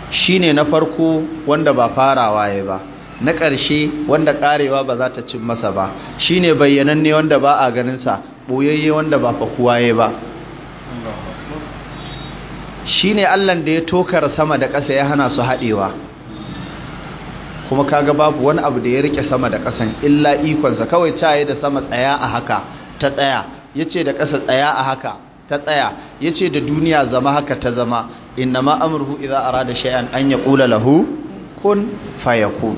shine na farko wanda ba farawa yayi ba na ƙarshe wanda ƙarewa ba za ta cin masa ba shine bayyananne wanda ba a ganin sa boyayye wanda ba fa kuwaye ba shi ne allan da ya tokar sama da ƙasa ya hana su haɗewa kuma kaga babu wani abu da ya rike sama da ƙasan illa ikonsa kawai caye da sama tsaya a haka ta tsaya ya ce da ƙasa tsaya a haka ta tsaya ya ce da duniya zama haka ta zama inna ma amurhu iza a rada shayan an ya ƙula lahu kun ku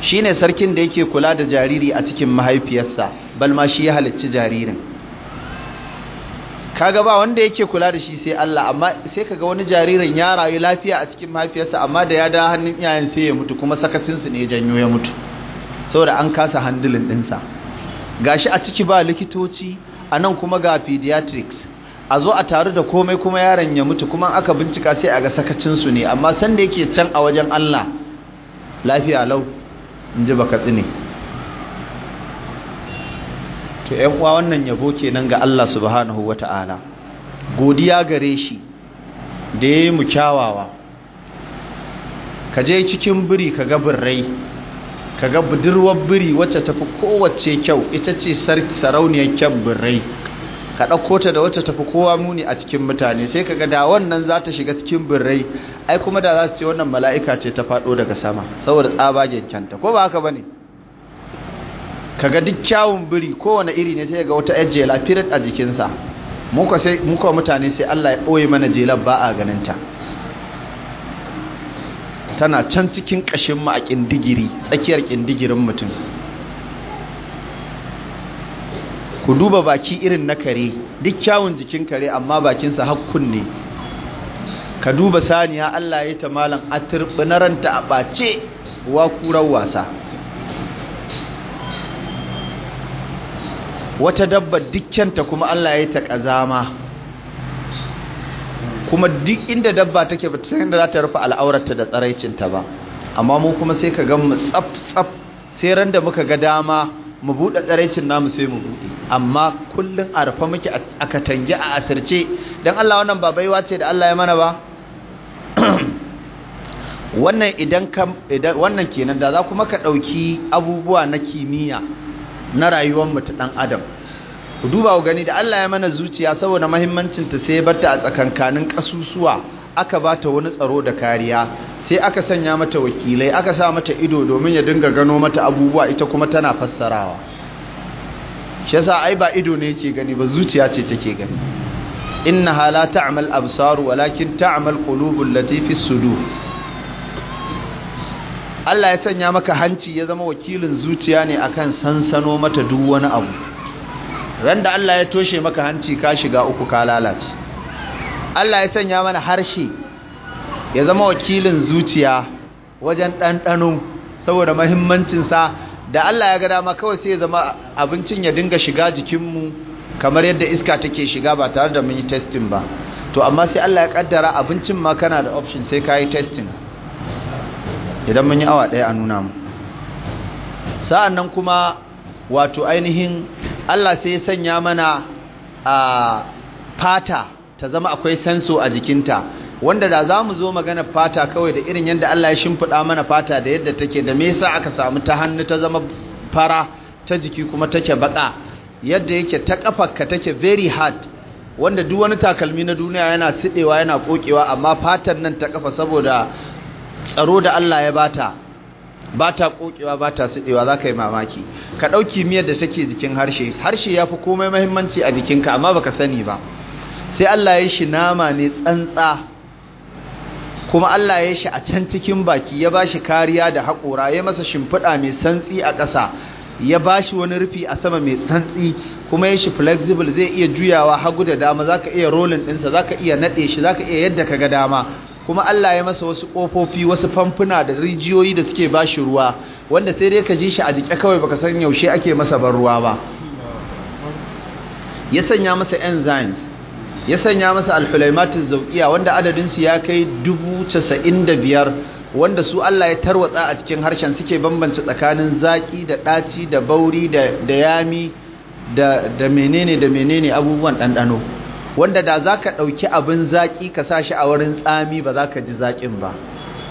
shi ne sarkin da yake kula da jariri a cikin mahaifiyarsa bal ma shi ya halicci jaririn kaga ba wanda yake kula da shi sai Allah amma sai kaga wani jaririn ya rayu lafiya a cikin mahaifiyarsa amma da ya da hannun iyayen sai ya mutu kuma sakacin su ne janyo ya mutu saboda an kasa handling dinsa gashi a ciki ba likitoci anan kuma ga pediatrics a zo a taru da komai kuma yaron ya mutu kuma aka bincika sai a ga sakacin su ne amma san da yake can a wajen Allah lafiya lau inji baka tsine to yan uwa wannan yabo kenan ga Allah subhanahu wa ta'ala godiya gare shi da yayi mu kyawawa ka je cikin biri ka ga birrai ga budurwar biri wacce tafi kowace kyau ita ce sarauniyar kyan birrai ka ɗauko ta da wacce tafi kowa muni a cikin mutane sai ka ga da wannan za ta shiga cikin birrai ai kuma da za su ce wannan mala'ika ce ta faɗo daga sama saboda tsabagen kyanta ko ba haka ba ne kaga duk kyawun biri kowane iri ne sai ga wata yar jela firit a jikinsa muka sai muka mutane sai Allah ya boye mana jelar ba a ganin tana can cikin kashin mu a kindigiri tsakiyar kindigirin mutum ku duba baki irin na kare duk kyawun jikin kare amma bakinsa hakkun ne ka duba saniya Allah ya ta malam a a ɓace wa kurar wasa wata dabba dukkanta kuma Allah ya yi ta kazama kuma duk inda dabba take ba ta inda za ta rufe al'aurarta da tsaraicinta ba amma mu kuma sai ka gan mu tsaf tsaf sai ran da muka ga dama mu buɗe tsaraicin namu sai mu buɗe amma kullum a rufe muke a katange a asirce don Allah wannan ba baiwa ce da Allah ya mana ba wannan idan wannan kenan da za kuma ka ɗauki abubuwa na kimiyya na rayuwar mutu dan adam ku duba ku gani da Allah ya mana zuciya saboda muhimmancin ta sai barta a tsakankanin kasusuwa aka bata wani tsaro da kariya sai aka sanya mata wakilai aka sa mata ido domin ya dinga gano mata abubuwa ita kuma tana fassarawa shi yasa ai ba ido ne yake gani ba zuciya ce take gani innaha la ta'mal absar walakin ta'mal qulubul lati fis sudur Allah ya sanya maka hanci ya zama wakilin zuciya ne akan sansano mata duk wani abu randa Allah ya toshe maka hanci ka shiga uku ka lalace Allah ya sanya mana harshe ya zama wakilin zuciya wajen ɗanɗano saboda mahimmancinsa da Allah ya gada maka kawai sai ya zama abincin ya dinga shiga jikinmu kamar yadda iska take shiga ba tare da mun yi testing ba to amma sai Allah ya kaddara abincin ma kana da option sai ka yi testing. idan mun yi awa ɗaya a nuna mu sa'an nan kuma wato ainihin Allah sai ya sanya mana a fata ta zama akwai sanso a jikinta wanda da za mu zo magana fata kawai da irin yadda Allah ya shimfiɗa mana fata da yadda take da me yasa aka samu ta hannu ta zama fara ta jiki kuma take baka yadda yake ta kafarka take very hard wanda duk wani takalmi na duniya yana siɗewa yana kokewa amma fatan nan ta kafa saboda tsaro da Allah ya bata bata kokewa bata sudewa zaka yi mamaki ka dauki miyar da take jikin harshe harshe yafi komai mahimmanci a jikinka amma baka sani ba sai Allah ya shi nama ne tsantsa kuma Allah ya shi a can cikin baki ya ba shi kariya da haƙora ya masa shimfiɗa mai santsi a ƙasa ya bashi wani rufi a sama mai santsi kuma ya shi flexible zai iya juyawa hagu da dama zaka iya rolling ɗinsa zaka iya naɗe shi zaka iya yadda ka ga dama kuma Allah ya masa wasu kofofi wasu famfuna da rijiyoyi da suke bashi ruwa wanda sai dai ka ji shi a jike kawai baka san yaushe ake masa ban ruwa ba ya sanya masa enzymes ya sanya masa alhulaimatin zauƙiya wanda adadin su ya kai dubu casa'in da biyar wanda su Allah ya tarwatsa a cikin harshen suke bambance tsakanin zaki da ɗaci da bauri da yami da menene da menene abubuwan ɗanɗano wanda da za ka ɗauki abin zaƙi ka sa shi a wurin tsami ba za ka ji zaƙin ba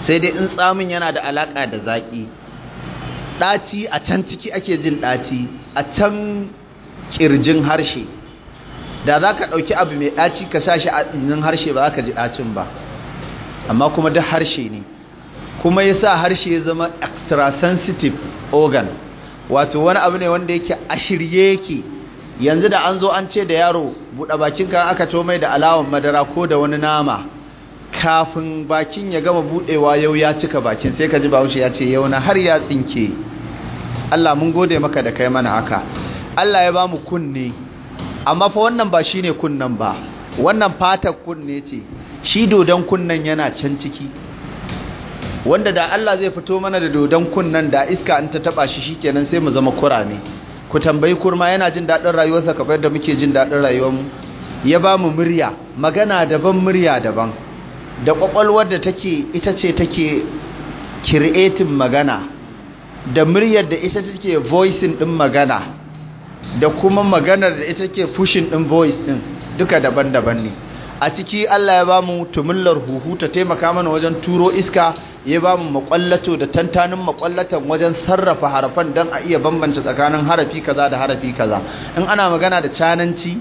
sai dai in tsamin yana da alaƙa da zaƙi ɗaci a can ciki ake jin ɗaci a can ƙirjin harshe da za ka ɗauki abu mai ɗaci ka sa shi a ɗinin harshe ba za ka ji ɗacin ba amma kuma duk harshe ne kuma ya sa harshe ya zama extrasensitive organ wato wani abu ne wanda yake a shirye yake yanzu da an zo an ce da yaro buɗe ka aka to mai da alawan madara ko da wani nama kafin bakin ya gama buɗewa yau ya cika bakin sai ka ji bahaushe ya ce yau na har ya tsinke Allah mun gode maka da kai mana haka Allah ya ba mu kunne amma fa wannan ba shi ne kunnen ba wannan fatar kunne ce shi dodon kunnen yana can ciki wanda da Allah zai fito mana da dodon kunnen da iska in ta taɓa shi shi kenan sai mu zama kurame ku tambayi kurma yana jin daɗin rayuwarsa kamar yadda muke jin daɗin rayuwarmu ya ba mu murya magana daban murya daban da ƙwaƙwalwar da take ita ce take kiretin magana da muryar da ita take voicing ɗin magana da kuma maganar da ita take fushin ɗin voice ɗin duka daban-daban ne a ciki Allah ya bamu tumullar huhu ta taimaka mana wajen turo iska ya bamu makwallato da tantanin makwallatan wajen sarrafa harafan don a iya bambanta tsakanin harafi kaza da harafi kaza in ana magana da cananci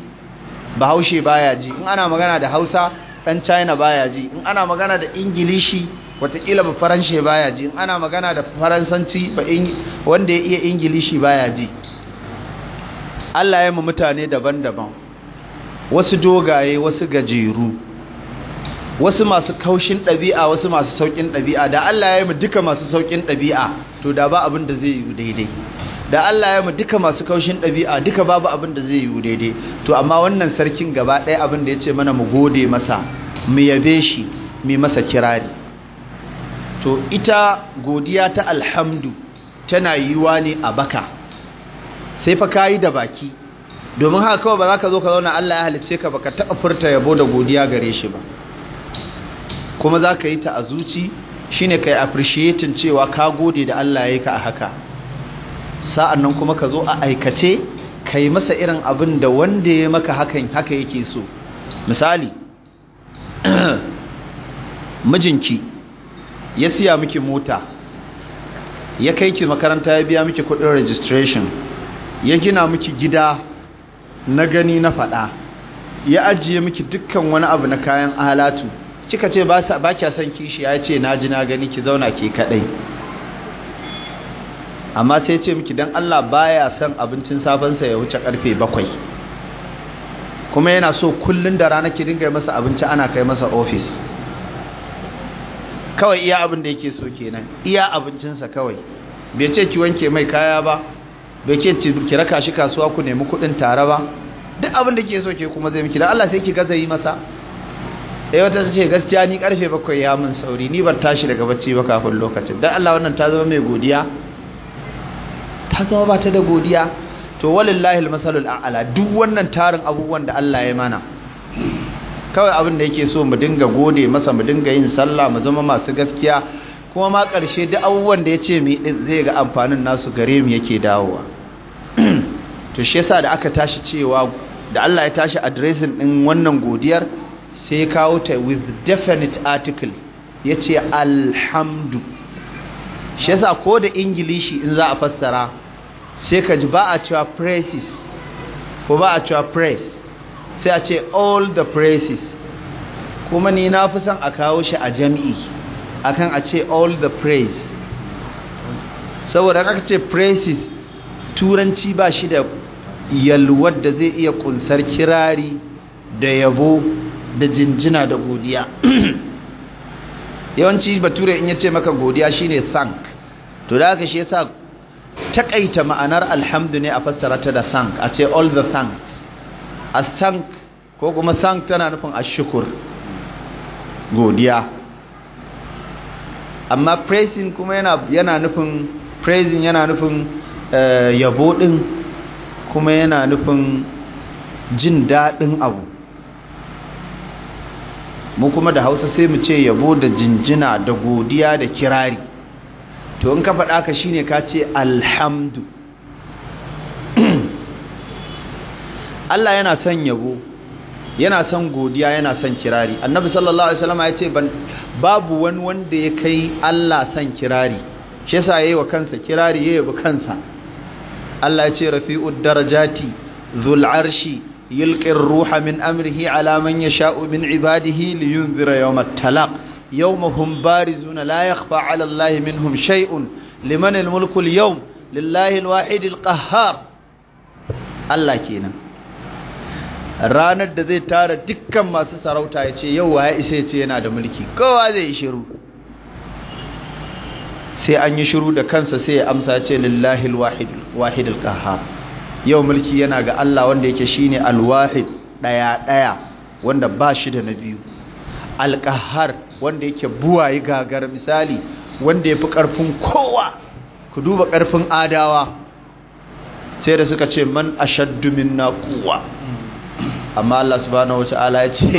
bahaushe baya ji in ana magana da hausa dan china baya ji in ana magana da ingilishi watakila ba faranshe baya ji in ana magana da faransanci wanda ya iya ingilishi baya ji Allah ya mu mutane daban-daban wasu dogaye wasu gajeru wasu masu kaushin ɗabi'a wasu masu sauƙin ɗabi'a da Allah ya yi mu duka masu sauƙin ɗabi'a to da ba abin da zai yi daidai da Allah ya mu duka masu kaushin ɗabi'a duka babu abin da zai yi daidai to amma wannan sarkin gaba ɗaya abin da ya ce mana mu gode masa mu yabe shi mu masa kirari to ita godiya ta alhamdu tana yiwa ne a baka sai fa kayi da baki domin haka kawai ba za ka zo ka zauna Allah ya halicce ka baka taɓa furta yabo da godiya gare shi ba kuma za ka yi ta a zuci shine ka yi appreciating cewa ka gode da Allah ya yi ka a haka sa'an nan kuma ka zo a aikace ka yi masa irin abin da wanda ya maka hakan haka yake so misali mijinki ya siya miki mota ya kai ki makaranta ya biya miki kudin registration ya gina miki gida na gani na faɗa ya ajiye miki dukkan wani abu na kayan alatu kika ce ba kya son kishi ya ce na ji na gani ki zauna ke kaɗai amma sai ce miki don Allah baya son abincin safansa ya wuce karfe bakwai kuma yana so kullum da rana ki dinga masa abinci ana kai masa ofis kawai iya abin da yake so kenan iya abincinsa kawai bai ce ki wanke mai kaya ba bai ce ki raka shi kasuwa ku nemi kuɗin tare ba duk abin da ke so ke kuma zai miki da Allah sai ki gaza yi masa eh wata ce gaskiya ni karfe bakwai ya min sauri ni ban tashi daga bacci ba kafin lokacin dan Allah wannan ta zama mai godiya ta zama ba ta da godiya to walillahi almasalul a'la duk wannan tarin abubuwan da Allah ya mana kawai abin da yake so mu dinga gode masa mu dinga yin sallah mu zama masu gaskiya kuma ma ƙarshe duk abubuwan da ya ce zai ga amfanin nasu gare mu yake dawowa to shi yasa da aka tashi cewa da Allah ya tashi addressing ɗin wannan godiyar sai kawo ta with definite article ya ce alhamdu shi yasa ko da ingilishi in za a fassara sai ka ji ba a cewa praises ko ba a cewa praise sai a ce all the praises kuma ni na fi son a kawo shi a jami'i. akan a ce all the praise saboda aka ce praises turanci ba shi da yalwar da zai iya kunsar kirari da yabo da jinjina da godiya yawanci bature in ya ce maka godiya shine thank to da haka shi yasa takaita ma'anar alhamdu ne a fassara ta da thank a ce all the thanks a thank ko kuma thank tana nufin ashukur godiya amma praising kuma yana nufin praising yana nufin eh, yabo din kuma yana nufin jin daɗin abu mu kuma da hausa sai mu ce yabo da jinjina da godiya da kirari to in ka faɗa ka shine ka ce alhamdu Allah yana son yabo yana son godiya yana son kirari annabi sallallahu alaihi wasallam ya ce babu wani wanda ya kai Allah son kirari shi yasa yayi wa kansa kirari yayi wa kansa Allah ya ce rafi'ud darajati dhul arshi yulqi ruha min amrihi ala man yasha'u min ibadihi liyunzira yawmat talaq yawmahum barizuna la yakhfa 'ala allahi minhum shay'un liman al-mulku al-yawm lillahi al-wahid al-qahhar Allah kenan ranar da zai tara dukkan masu sarauta ya ce yau ya isa ya ce yana da mulki kowa zai yi shiru sai an yi shiru da kansa sai ya amsa ce lillahi alwahid alqahhar yau mulki yana ga Allah wanda yake shine alwahid daya daya wanda ba shi da na biyu Alkahar wanda yake buwaye gagar misali wanda yafi karfin kowa ku duba karfin adawa sai da suka ce man ashaddu minna quwwa amma Allah subhanahu wata'ala ya ce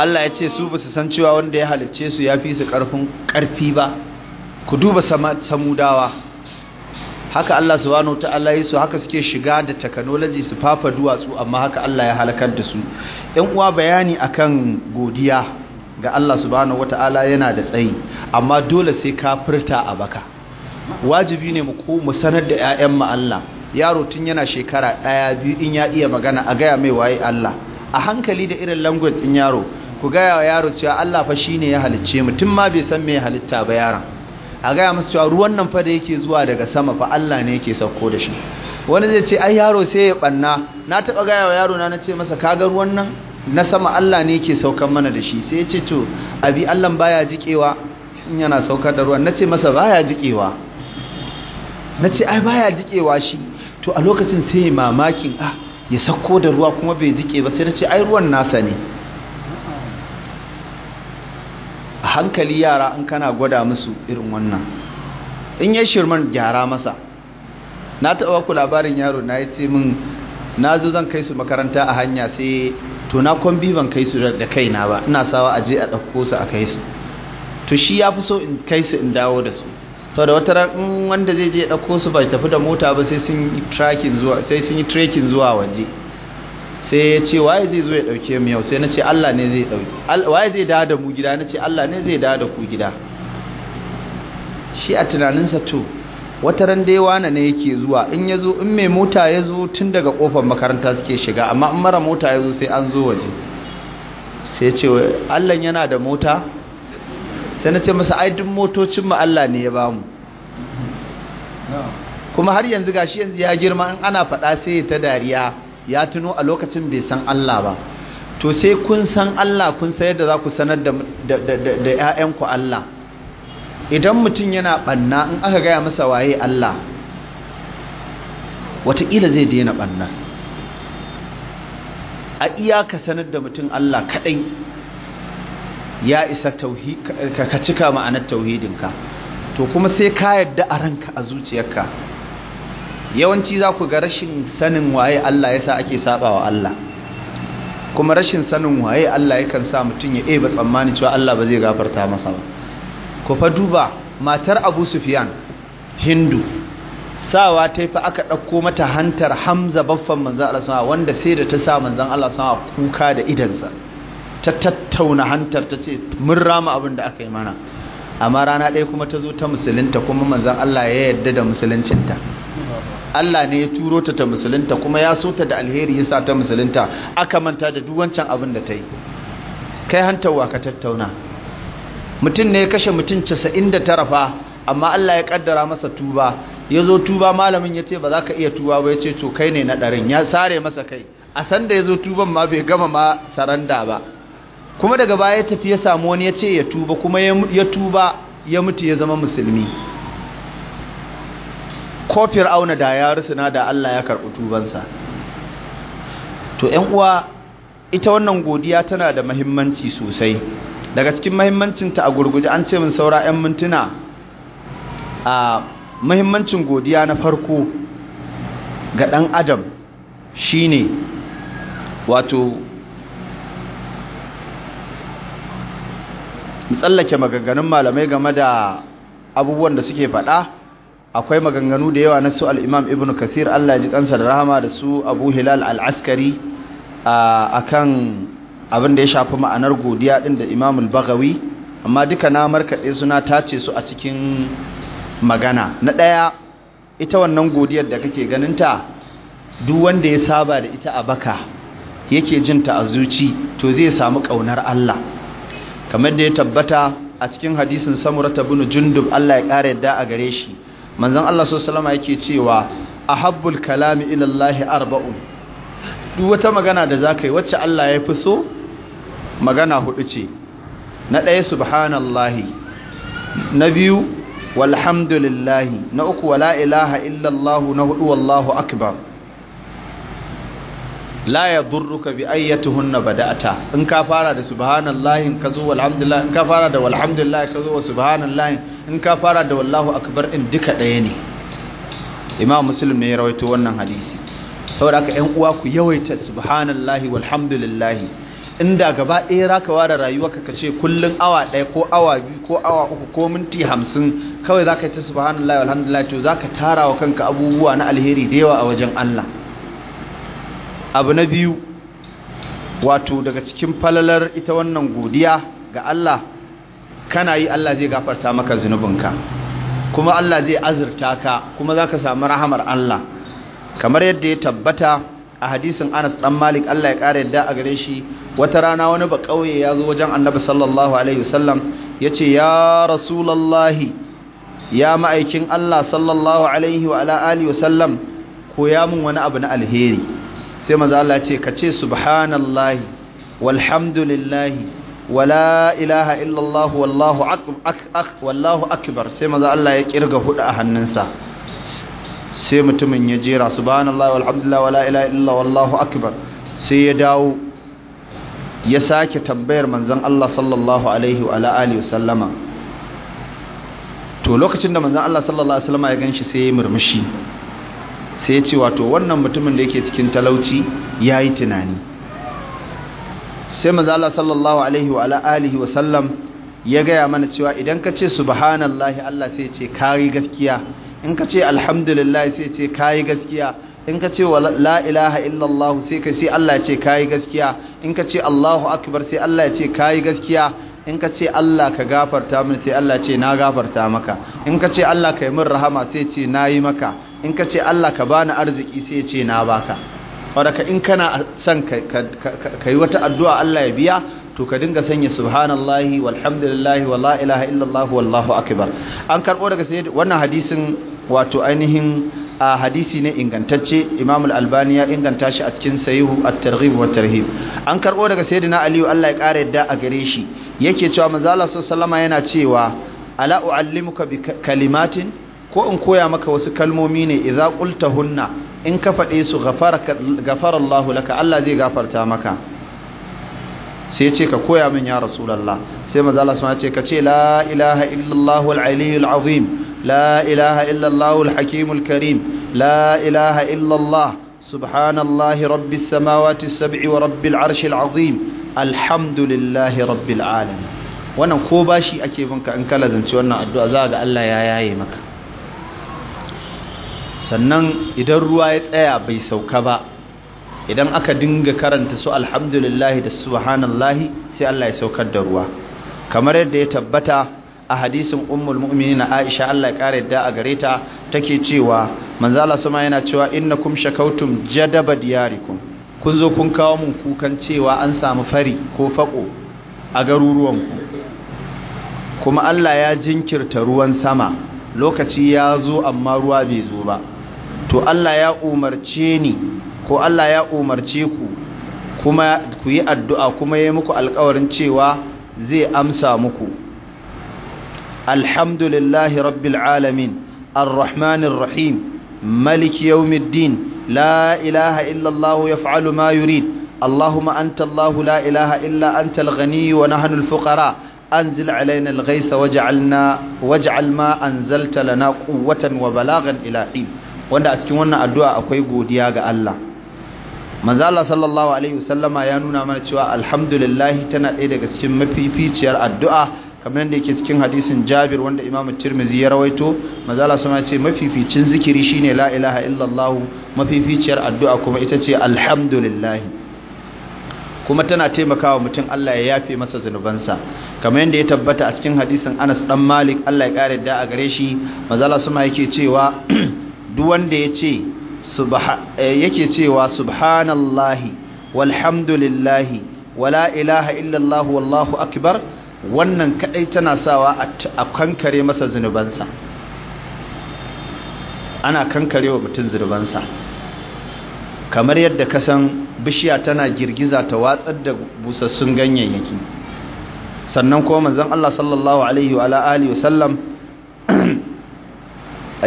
Allah ya ce su ba su san cewa wanda ya halicce su ya fi su ƙarfin ƙarfi ba ku duba samudawa haka Allah subhanahu ta'ala yi su haka suke shiga da technology su fafa duwatsu amma haka Allah ya halakar da su ɗan uwa bayani akan godiya ga Allah subhanahu ta'ala yana da tsayi amma dole sai ka furta a baka wajibi ne mu ko mu sanar da ƴaƴan mu Allah yaro tun yana shekara ɗaya biyu in ya iya magana a gaya mai waye Allah a hankali da irin language ɗin yaro ku gaya wa yaro cewa Allah fa shine ya halicce mu tun ma bai san me ya halitta ba yaron a gaya masu cewa ruwan nan fa da yake zuwa daga sama fa Allah ne yake sauko da shi wani zai ce ai yaro sai ya banna na taba gaya wa yaro na na ce masa kaga ruwan nan na sama Allah ne yake saukan mana da shi sai ya ce to abi Allah baya jikewa in yana saukar da ruwan na ce masa baya jikewa na ce ai baya jikewa shi to a lokacin sai mamakin ah ya sauko da ruwa kuma bai jike ba sai na ce ai ruwan nasa ne hankali yara in kana gwada musu irin wannan in ya shirman gyara masa na taɓa ku labarin yaro na ya ce min na zo zan kai su makaranta a hanya sai to na kwambi ban kai su da kaina ba ina sawa aje a ɗauko su a kai su to shi ya fi so in kai su in dawo da su to da wata in wanda zai je ɗauko su ba tafi da mota ba sai sun yi trekking zuwa waje sai ya ce waye zai zo ya dauke mu yau sai na ce Allah ne zai dauke waye zai dawo da mu gida na ce Allah ne zai dawo da ku gida shi a tunaninsa to wata ran dai wane ne yake zuwa in ya zo in mai mota ya zo tun daga kofar makaranta suke shiga amma in mara mota ya zo sai an zo waje sai ya ce Allah yana da mota sai na ce masa ai duk motocin mu Allah ne ya bamu kuma har yanzu gashi yanzu ya girma in ana faɗa sai ta dariya ya tuno a lokacin bai san Allah ba to sai kun san Allah kun sayar da za ku sanar da ‘ya'yanku Allah idan mutum yana ɓanna in aka gaya masa waye Allah wataƙila zai daina ɓanna a ka sanar da mutum Allah kaɗai ya isa ka cika ma'anar tauhidinka to kuma sai ka yadda a ranka a zuciyarka yawanci za ku ga rashin sanin waye Allah ya sa ake wa Allah kuma rashin sanin waye Allah ya kan sa mutum ya eba tsammani cewa Allah ba zai gafarta masa ba ku fa duba matar Abu sufiyan Hindu sawa ta fi aka ɗauko mata hantar Hamza baffan manzan Allah sama wanda sai da ta sa manzan Allah sama kuka da idansa ta tattauna hantar ta ce mun rama abin da aka yi mana amma rana ɗaya kuma ta zo ta musulunta kuma manzan Allah ya yarda da musuluncinta Allah ne ya turo ta ta musulunta kuma ya so ta da alheri ya sa ta musulunta aka manta da duk wancan abin da ta yi kai hantarwa ka tattauna mutum ne ya kashe mutum 99 fa amma Allah ya kaddara masa tuba ya zo tuba malamin ya ce ba za ka iya tuba ba ya ce to kai ne na ɗarin ya sare masa kai a sanda ya zo tuban ma bai gama ma saranda ba kuma daga baya ya tafi ya samu wani ya ce ya tuba kuma ya tuba ya mutu ya zama musulmi ko fir'auna da ya rusuna da Allah ya karɓi tubansa to ƴan uwa ita wannan godiya tana da muhimmanci sosai daga cikin muhimmancinta a gurguje an ce min saura ƴan mintuna a muhimmancin godiya na farko ga ɗan adam shine wato tsallake maganganun malamai game da abubuwan da suke faɗa akwai maganganu da yawa na su al'imam ibn kathir Allah ji kansa da rahama da su abu hilal al-askari akan abin da ya shafi ma'anar godiya din da imam al amma duka na markaɗe suna tace su a cikin magana na ɗaya ita wannan godiyar da kake ganinta duk wanda ya saba da ita a baka yake jinta a zuci to zai samu ƙaunar Allah kamar da ya tabbata a cikin hadisin samurata bin jundub Allah ya ƙara yadda a gare shi manzon Allah sallallahu alaihi yake cewa ahabbul kalami ila Allah arba'un duk wata magana da zaka yi wacce Allah ya fi so magana hudu ce na ɗaya subhanallahi na biyu walhamdulillahi na uku wala ilaha illallah na hudu wallahu akbar la yadurruka bi ayyatuhunna bada'ata in ka fara da subhanallahi in ka zo walhamdulillah in ka fara da walhamdulillah ka zo wa subhanallahi in ka fara da wallahu akbar in duka ɗaya ne imam muslim ne ya rawaito wannan hadisi saboda haka ƴan uwa ku yawaita subhanallahi walhamdulillah inda gaba ɗaya ka ware rayuwarka ka ce kullun awa ɗaya ko awa biyu ko awa uku ko minti hamsin kawai zaka yi ta subhanallahi walhamdulillah to zaka tara wa kanka abubuwa na alheri da yawa a wajen Allah abu na biyu wato daga cikin falalar ita wannan godiya ga Allah kana yi Allah zai gafarta maka zunubinka kuma Allah zai azurta ka kuma za ka samu rahamar Allah kamar yadda ya tabbata a hadisin Anas ɗan Malik Allah ya ƙara yadda a gare shi wata rana wani ba ƙauye ya zo wajen annabi sallallahu alaihi wasallam ya ce ya rasulallahi ya ma'aikin Allah sallallahu alaihi wa ala alihi wasallam koya min wani abu na alheri sai maza Allah ce ka ce subhanallahi walhamdulillahi wala ilaha illallah wallahu akibar wallahu akbar sai maza Allah ya kirga hudu a hannunsa sai mutumin ya jera subhanallahi walhamdulillahi wala ilaha illallah wallahu akbar sai ya dawo ya sake tambayar manzon Allah sallallahu alaihi wa alihi wasallama to lokacin da manzon Allah sallallahu alaihi wasallama ya ganshi sai ya murmushi sai ya ce wato wannan mutumin da yake cikin talauci ya yi tunani sai mazala sallallahu alaihi wa alihi wa sallam ya gaya mana cewa idan ka ce subhanallahi Allah sai ce kayi gaskiya in ka ce alhamdulillah sai ce kayi gaskiya in ka ce la ilaha illallah sai ka ce Allah ce kayi gaskiya in ka ce Allahu akbar sai Allah ce kayi gaskiya in ka ce Allah ka gafarta min sai Allah ce na gafarta maka in ka ce Allah ka yi min rahama sai ce na yi maka in ka ce Allah ka bani arziki sai ya ce na baka wadaka in kana son ka yi wata addu'a Allah ya biya to ka dinga sanya subhanallahi walhamdulillahi wala ilaha illallah wallahu akbar an karbo daga sayyid wannan hadisin wato ainihin a hadisi ne ingantacce imam al-albani ya inganta shi a cikin sayihu at-targhib wa tarhib an karbo daga sayyidina aliyu Allah ya kare yadda a gare shi yake cewa manzo Allah sallallahu alaihi yana cewa ala uallimuka bi kalimatin ko in koya maka wasu kalmomi ne idza hunna in ka faɗe su ghafara Allah laka Allah zai gafarta maka sai ya ce ka koya min ya rasulullah sai manzo Allah ya ce ka ce la ilaha illallah al-aliyyul azim la ilaha illallah al-hakimul karim la ilaha illallah subhanallahi rabbis samawati sabi wa rabbil arshil azim alhamdulillahi rabbil alamin wannan ko bashi ake binka in ka lazanci wannan addu'a za ga Allah ya yaye maka sannan idan ruwa ya tsaya bai sauka ba idan aka dinga karanta su alhamdulillahi da subhanallahi sai Allah ya saukar da ruwa kamar yadda ya tabbata a hadisin ummul mu'minin Aisha Allah ya kare yadda a gare ta take cewa manzo Allah sama yana cewa innakum shakawtum jadaba diyarikum kun zo kun kawo mun kukan cewa an samu fari ko fako a garuruwan ku kuma Allah ya jinkirta ruwan sama lokaci ya zo amma ruwa bai zo ba to Allah ya umarce ni ko Allah ya umarce ku kuma ku yi addu'a kuma ya muku alkawarin cewa zai amsa muku alhamdulillahi rabbil alamin arrahmanir rahim maliki yawmiddin la ilaha illallahu yaf'alu ma yurid allahuma anta allah la ilaha illa anta al-ghani wa nahnu al an أنزل علينا الغيث وجعلنا واجعل ما أنزلت لنا قوة wa إلى حين wanda a cikin wannan addu'a akwai godiya ga Allah manzo Allah sallallahu alaihi wasallama ya nuna mana cewa alhamdulillah tana ɗaya daga cikin mafificiyar addu'a kamar yadda yake cikin hadisin Jabir wanda Imam Tirmidhi ya rawaito manzo Allah sama ce mafificin zikiri shine la ilaha illallah mafificiyar addu'a kuma ita ce alhamdulillah kuma tana taimakawa mutum Allah ya yafe masa zunubansa kamar yadda ya tabbata a cikin hadisin Anas dan Malik Allah ya kare da a gare shi manzo Allah sama yake cewa duk wanda ya ce eh, yake cewa subhanallahi walhamdulillahi wala ilaha illallah wallahu akbar wannan kadai tana sawa a kankare masa zunubansa ana kankarewa mutum zunubansa kamar yadda ka san bishiya tana girgiza ta watsar da busassun ganyayyaki sannan kuma manzon Allah sallallahu alaihi wa alihi wasallam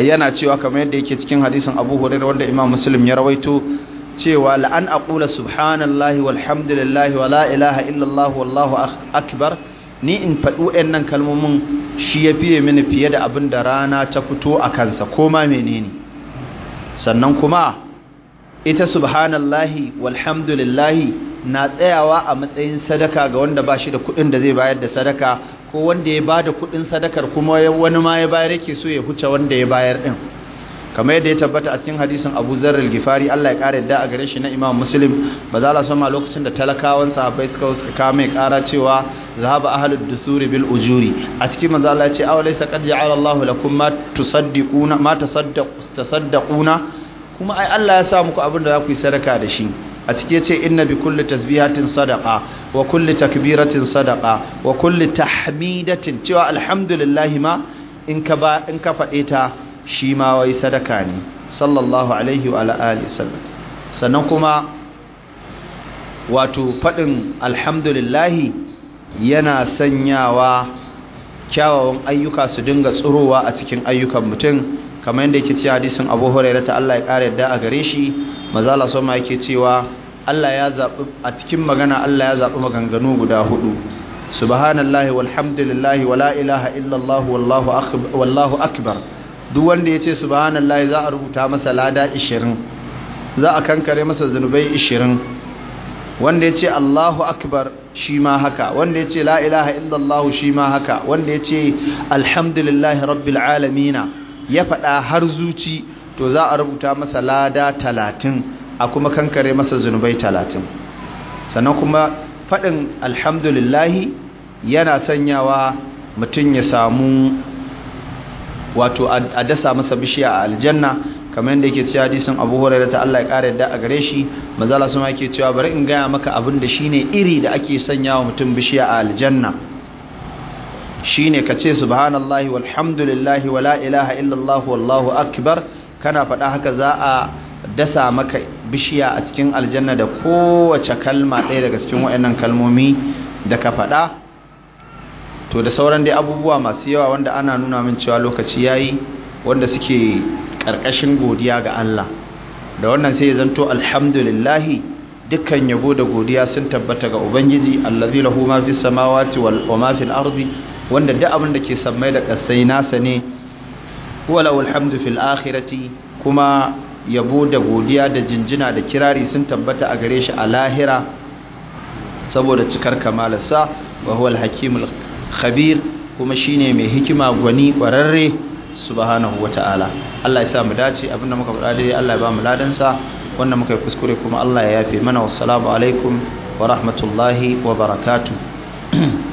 yana cewa kamar yadda yake cikin hadisin Abu Hurairah wanda Imam Muslim ya rawaito cewa la'an aqula subhanallahi walhamdulillahi wala ilaha illallah wallahu akbar ni in faɗu nan kalmomin shi ya fiye mini fiye da abinda rana ta fito a kansa koma menene sannan kuma ita subhanallahi walhamdulillahi na tsayawa a matsayin sadaka ga wanda ba shi da kuɗin da zai bayar da sadaka ko wanda ya bada da kuɗin sadakar kuma wani ma ya bayar yake so ya huce wanda ya bayar din. kamar yadda ya tabbata a cikin hadisin abu al gifari allah ya ƙara yadda a gare shi na imam muslim ba za a sama lokacin da talakawan sahabbai suka suka ya kara cewa zahaba ahlu dusuri bil ujuri a cikin manzo allah ya ce aw laysa qad ja'ala allah lakum ma tusaddiquna ma tasaddaquna kuma ai allah ya sa muku abin da za ku yi sadaka da shi a cike ce inna bi kulli tasbihatin sadaqa wa kulli takbiratin sadaqa wa kulli tahmidatin cewa alhamdulillah ma in ka ba in ka fade ta shi ma wai sadaka ne sallallahu alaihi wa alihi sallam sannan kuma wato fadin alhamdulillah yana sanyawa kyawawan ayyuka su dinga tsurowa a cikin ayyukan mutum kamar yadda yake ci hadisin Abu Hurairah ta Allah ya kare yadda a gare shi mazala sama yake cewa Allah ya zaɓi a cikin magana Allah ya zaɓi maganganu guda hudu subhanallahi walhamdulillahi wala ilaha illallah wallahu akbar duk wanda ya ce subhanallahi za a rubuta masa lada 20 za a kankare masa zunubai 20 wanda ya ce allahu akbar shi ma haka wanda ya ce la ilaha illallah shi ma haka wanda ya ce alhamdulillahi rabbil alamina ya faɗa har zuci to za a rubuta masa lada talatin a kuma kankare masa zunubai talatin sannan kuma faɗin alhamdulillahi yana sanyawa mutum ya samu wato a dasa masa bishiya a aljanna kamar yadda yake cewa hadisin Abu da ta Allah ya ƙara yadda a gare shi mazala suna yake cewa bari in gaya maka abin da shine iri da ake sanya wa mutum bishiya a aljanna shine kace subhanallahi walhamdulillahi wala ilaha illallah wallahu akbar kana faɗa haka za a dasa maka bishiya a cikin aljanna da kowace kalma ɗaya daga cikin waɗannan kalmomi da ka faɗa to da sauran dai abubuwa masu yawa wanda ana nuna min cewa lokaci ya yi wanda suke ƙarƙashin godiya ga Allah da wannan sai ya zanto alhamdulillahi dukkan yabo da godiya sun tabbata ga ubangiji allazi lahu ma fis samawati wal ma ardi wanda duk abin da ke samai da ƙasai nasa ne huwa lahul fil akhirati kuma yabo da godiya da jinjina da kirari sun tabbata a gare shi a lahira saboda cikar kamalarsa wa huwa khabir kuma shine mai hikima gwani kwararre subhanahu wata'ala Allah ya sa mu dace abinda muka faɗa dai Allah ya ba mu ladan sa wanda muka yi kuskure kuma Allah ya yafe mana wassalamu alaikum wa rahmatullahi wa barakatuh